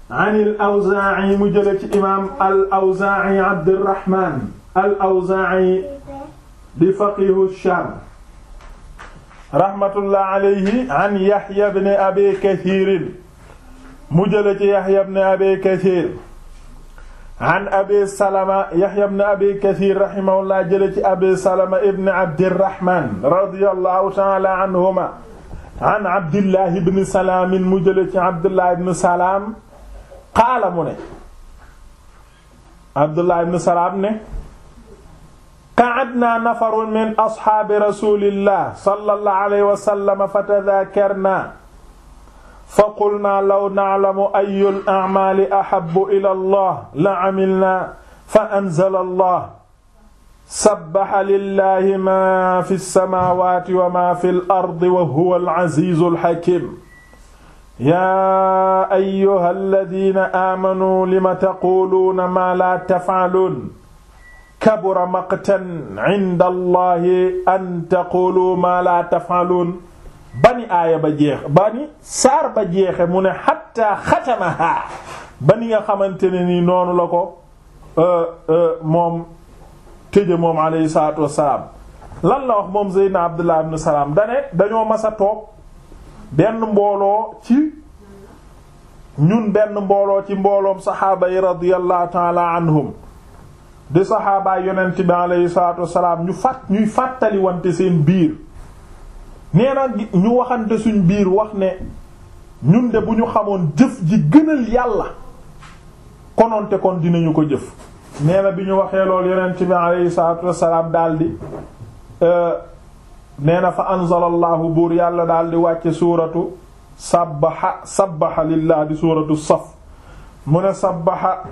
an al-Awzaa'i mu jële ci imaam al-Awzaa'i Abdurrahmaan al-Awzaa'i di faqiihu Shaam rahmatullah alayhi an Yahya ibn Abi Kasiir mu jële ci yaxya ibn abi kathir an abi salama yaxya ibn abi kathir rahimahullah jële ci abi salama ibn abdirahman radiyallahu taala anhuma an abdillahi ibn salaamin mu jële ci abdullah ibn salaam qaala mu ne abdullah ibn salaam ne qa'adna nafarun min ashaabi rasulillah sallallahu alayhi wa sallam fatadhakarna faqulnaa law na'lamu ayyul a'maali ahabbu ila allah la amilnaa fa anzala allah sabbaha lillahi ma fi samaawaati wa ma fi al-ardi wa huwa al-'aziizu al-hakiim yaa ayyuhal ladiina aamanuu lima taquluuna maa laa taf'aluun kabura maqtan 'inda allahi an taquluu maa laa taf'aluun ba aaya ba jeex ba ni saar ba jeexe mu ne xatta xatamaha ba ni nga xamante ne nii noonu la ko euh, euh, moom tëje moom alayhi salaatu wassalaam lan la wax moom Seydina Abdullah ibn Salaam dane dañoo mas a toog benn mbooloo ci ñun benn mbooloo ci mbooloom saxaaba yi radiyallahu taala anhum di saxaabaa yonent bi alayhi salaatu wassalaam ñuy fàttali wante seen biir nee na ñu waxante suñ biir wax ne ñun de bu ñu xamoon jëf ji gënal yàlla kononte kon dinañu ko jëf nee na bi ñu waxee lool ci bi alayhi salaatu wassalaam daldi euh, nee na fa anzalallahu buur yàlla di wàcce suuratu sabbaha sabbaha lillah di suuratu saf mu ne sabbaha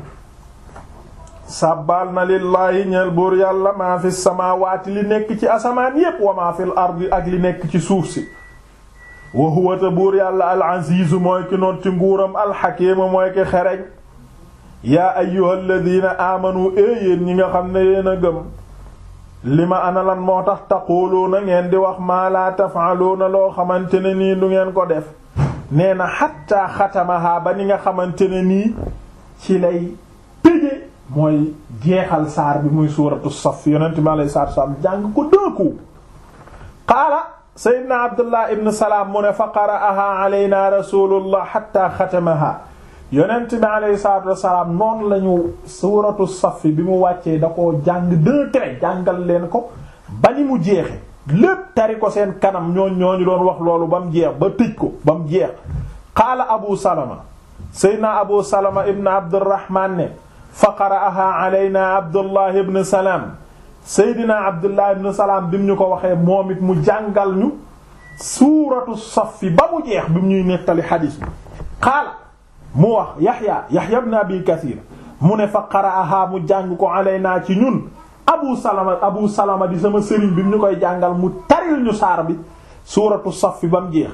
sàbbaal na lillaahi ñeel buur yàlla maa fi samaawaati li nekk ci asamaan yépp wa maa fil ardi ak li nekk ci suuf si wa huwa ta buur yàlla al aziizu mooy ki noot ci nguuram al xakiimu mooy ki xereñ yaa ayyuhal ladiina aamanu ee ñi nga xam ne yéen a gëm li ma ana lan moo tax taxuloo na ngeen di wax maa laa taf'aluuna loo xamante ne nii du ngeen ko def nee na xattaa xatamahaa ba ni nga xamante ne nii ci lay tëje mooy jeexal saar bi muy suuratu saf yonent bi alayhi salaatu salaam jàng ko dëkku qaala sayyidina abdullah ibn salaam mu ne fa qara'aha alayna rasulullah xatamaha yonent bi alayhi salaatu salaam noonu lañu suuratu saf bi mu wàccee da ko jàng deux jàngal leen ko ba ni mu jeexe lépp tari ko seen kanam ñooñ ñooñu doon wax loolu ba mu jeex ba tëj ko ba mu jeex qaala abu salama sayyidina abu salama ibn abdurrahman ne fa qara'aha alayna abdullah ibn salaam seydina abdullah ibn salaam bi mu ñu ko waxee moom it mu jàngal ñu suuratu safi ba mu jeex bi mu ñuy nettali xadiis bi qaala mu wax yaxya yaxya ibn abi kathir mu ne fa qara'aha mu jàng ko alaynaa ci ñun abu salama abu salama di sama sëriñ bi mu ñu koy jàngal mu taril ñu saar bi suuratu safi ba mu jeex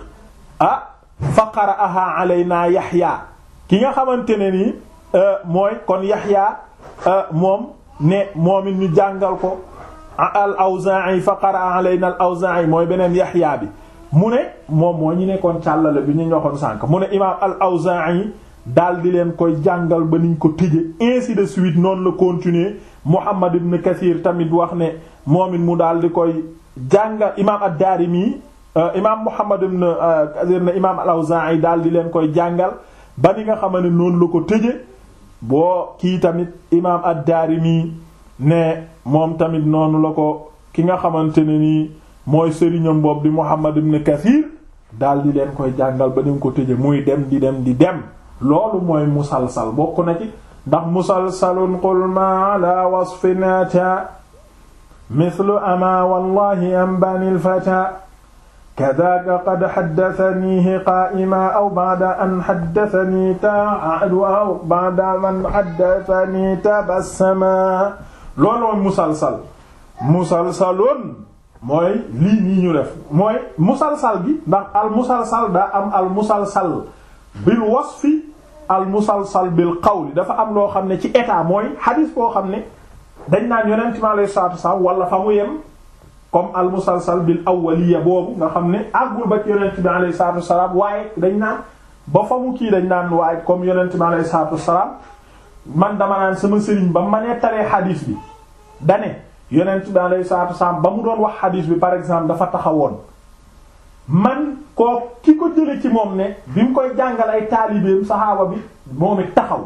ah fa qara'aha alaynaa yaxya ki nga xamante ne nii Euh, mooy kon Yaxya euh, moom ne moom it jàngal ko al Awzaa'i fa qara'a alaynaa al yi mooy beneen Yaxya bi mu ne moom moo ñu nekkoon càllale bi ñu waxoon sànk mu ne imaam al yi daal di leen koy jàngal ba niñ ko tëje ainsi de suite noonu la continuer Muhammad ibn Kathir tamit wax ne moom it mu daal di koy jàngal imaam ad-Daarimi euh, imaam Muhammad ibn Kathir ne imaam al yi daal di leen koy jàngal ba ni nga xam ne noonu la ko tëje boo kii tamit imaam ad-Daarimi ne moom tamit noonu la ko ki nga xamante ne nii mooy sëriñam boobu di Muhammad ibn Kathir daal di leen koy jàngal ba ni ko tëje muy dem di dem di dem loolu mooy musalsal bokk na ci ndax musalsalun qul ma ala wasfin ata mithlu ama am banil fata kadaaka qad xaddasanihi qaa'ima aw ba'da an xaddasani taa'ad aw ba'da man xaddasani tabassama loolu mooy musalsal musalsaloon mooy lii nii ñu def mooy musalsal bi ndax al musalsal daa am al musalsal bil wasfi al musalsal bil qawli dafa am loo xam ne ci état mooy xadiis boo xam ne dañ naan yonent mi alayhi salaatu wa salaam wala fa mu yem comme al musalsal bil awwaliya boobu nga xam ne àggul ba ci yonent bi alayhi salaatu waaye dañ naan ba fa mu kii dañ naan waaye comme yonent bi alayhi salaatu man dama naan sama sëriñ ba ma nee talee xadiis bi dane yonent bi alayhi salaatu wasalaam ba mu doon wax xadiis bi par exemple dafa taxawoon man koo ki ko jële ci moom ne bi mu koy jàngal ay taalibeem saxaaba bi moom it taxaw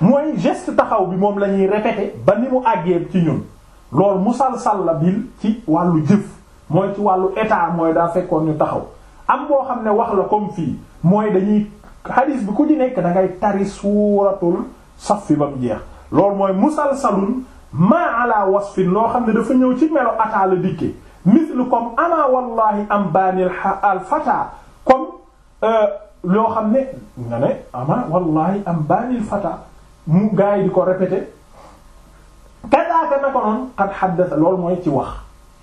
mooy geste taxaw bi moom la ñuy répéter ba ni mu àggee ci ñun loolu musalsal la bil ci wàllu jëf mooy ci wàllu état mooy daa fekkoon ñu taxaw am boo xam ne wax la comme fii mooy dañuy xadiis bi ku ci nekk dangay ngay tari suuratul saf fi ba mu jeex lool mooy musalsalun maa was fii loo xam ne dafa ñëw ci melo ataa la dikke mislu comme ana wallahi am baanil al fata comme euh, loo xam ne nga ne ama wallahi am baanil fata mu gaay di ko répété kazaaka na ko noonu xat xaddasa loolu mooy ci wax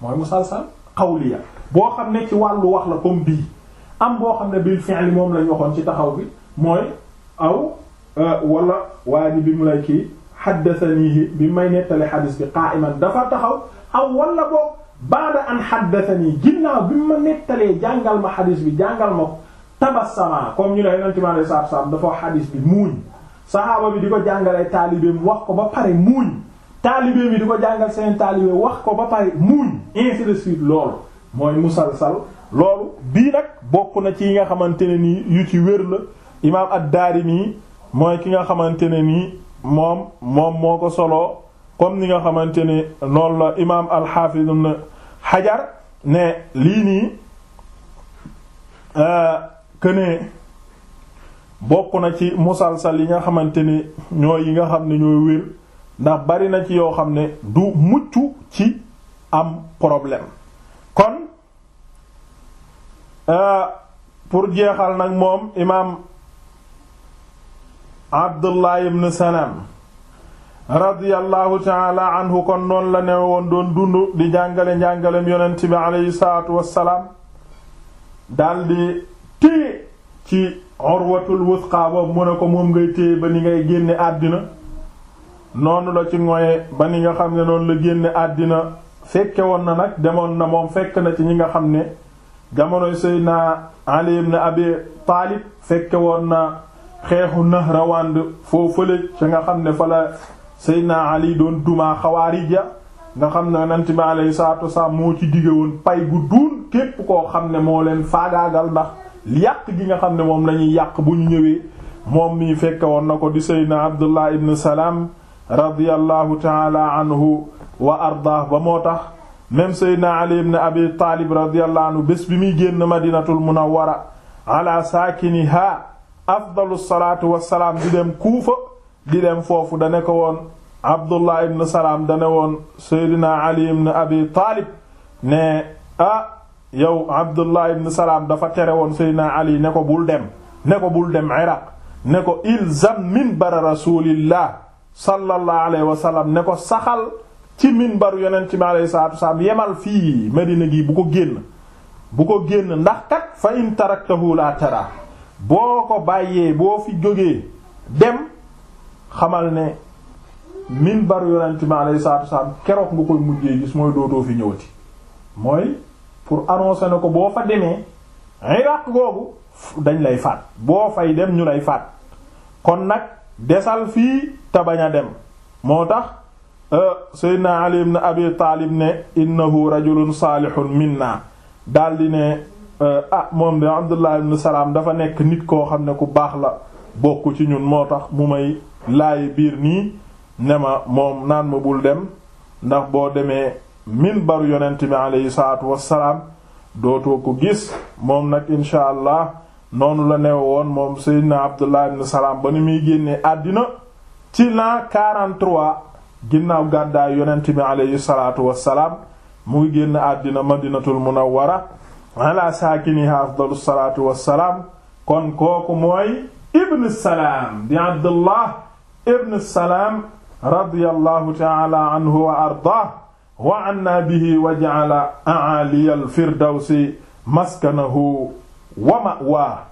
mooy musalsal xawliya boo xam ne ci wàllu wax la kom bii am boo xam ne bil fi'li moom lañ waxoon ci taxaw bi mooy aw euh, wala waa bi mu lay kii xaddasanihi bi may nettali xadis bi qa'iman dafa taxaw aw wala boo baada an xaddasanii naa bi ma nettalee jàngal ma xadis bi jàngal ma ko tabassama comme ñu ne yonent bi alayhi salaatu wa salaam dafa xadis bi muuñ saxaaba bi di ko jàngalee taalibeem wax ko ba pare muuñ taalibe bi di ko jàngal seen taalibe wax ko ba pare muuñ ainsi de suite loolu mooy musalsal loolu bii nag bokk na ci yi nga xamante ne nii yu ci wér la imaam ad-Daarimi mooy ki nga xamante ne nii moom moom moo ko solo comme ni nga xamante ne noonu la imaam al-Hafiz ibn Hajar ne lii nii euh, que bokk na ci musalsal yi nga xamante ne ñooy yi nga xam ne ñooy wér ndax bari na ci yoo xam ne du mucc ci am problème kon euh, pour jeexal nag moom imaam Abdullah ibn Salam radiyallahu taala anhu kon noonu la ne woon doon dund di jàngale njàngalem yonent bi aleyhi salaatu wassalaam daldi téye ci urwatul wusqa boobu mu ne ko moom ngay téye ba ni ngay génne àddina noonu la ci ngoye ba ni nga xam ne noonu la génne àddina fekke woon na nag demoon na moom fekk na ci ñi nga xam ne jamonoy Seydina Ali ibn Abi Taalib fekke woon na xeexu Nahrawand foo fële ca nga xam ne fa la Seydina Ali doon dumaa xawaarij ja nga xam ne yonent bi saatu salaatu wasalaam moo ci digge woon pay gu duun képp koo xam ne moo leen faagaagal ndax yàq gi nga xam ne moom lañuy yàq bu ñu ñëwee moom mii fekke woon na ko di Seydina Abdullah ibn Salaam radiyallahu taala anhu wa ardah ba moo tax même seydna ali ibn abi taalib radiyallahu anhu bés bi muy génn madinatul munawwara ala saakiniha afdalu salaatu wasalaam di dem kuufa di dem foofu dane ko woon abdullah ibn salaam dane woon seydna ali ibn abi taalib ne ah yow abdullah ibn salaam dafa tere woon seydna ali ne ko bul dem ne ko bul dem iraq ne ko ilzam min bara rasulillah sallallahu alayhi wa sallam ne ko saxal ci minbaru yonent bi alayhi salaatu wa salaam yemal fii Medina gi bu ko génn bu ko génn ndax kat fa in taraktahu la tara boo ko bàyyee boo fi jógee dem xamal ne minbaru yonent bi alayhi salaatu wa salaam keroog nga koy mujjee gis mooy dootoo fi ñëwati mooy pour annoncer ne ko boo fa demee Iraq googu dañ lay faat boo fay dem ñu lay faat kon nag desal fii tabaña dem moo tax euh, seydna ali ibn abi taalib ne innahu rajulun saalihun minna daldi ne euh, ah moom de abdullah ibn salaam dafa nekk nit koo xam ne ku baax la bokk ci ñun moo tax mu may laay biir nii ne ma moom naan ma bul dem ndax boo demee min baru yonent bi aleyhi salaatu wassalaam dootoo ko gis moom nag insha allah noonu la newe woon moom seydna abdullah ibn salaam ba ni muy génnee àddina ci l'an 43 ginnaaw gàddaay yonent bi aleyhi salaatu wassalaam mu ngi génn àddina madinatul munawwara ala saakiniha afdalu salaatu wassalaam kon kooku mooy ibn salaam di abdullah ibn salaam radiyallahu ta'ala anhu wa ardaah wa anna bihi wa ja'ala a'aliyal firdawsi maskanahu wa ma'waa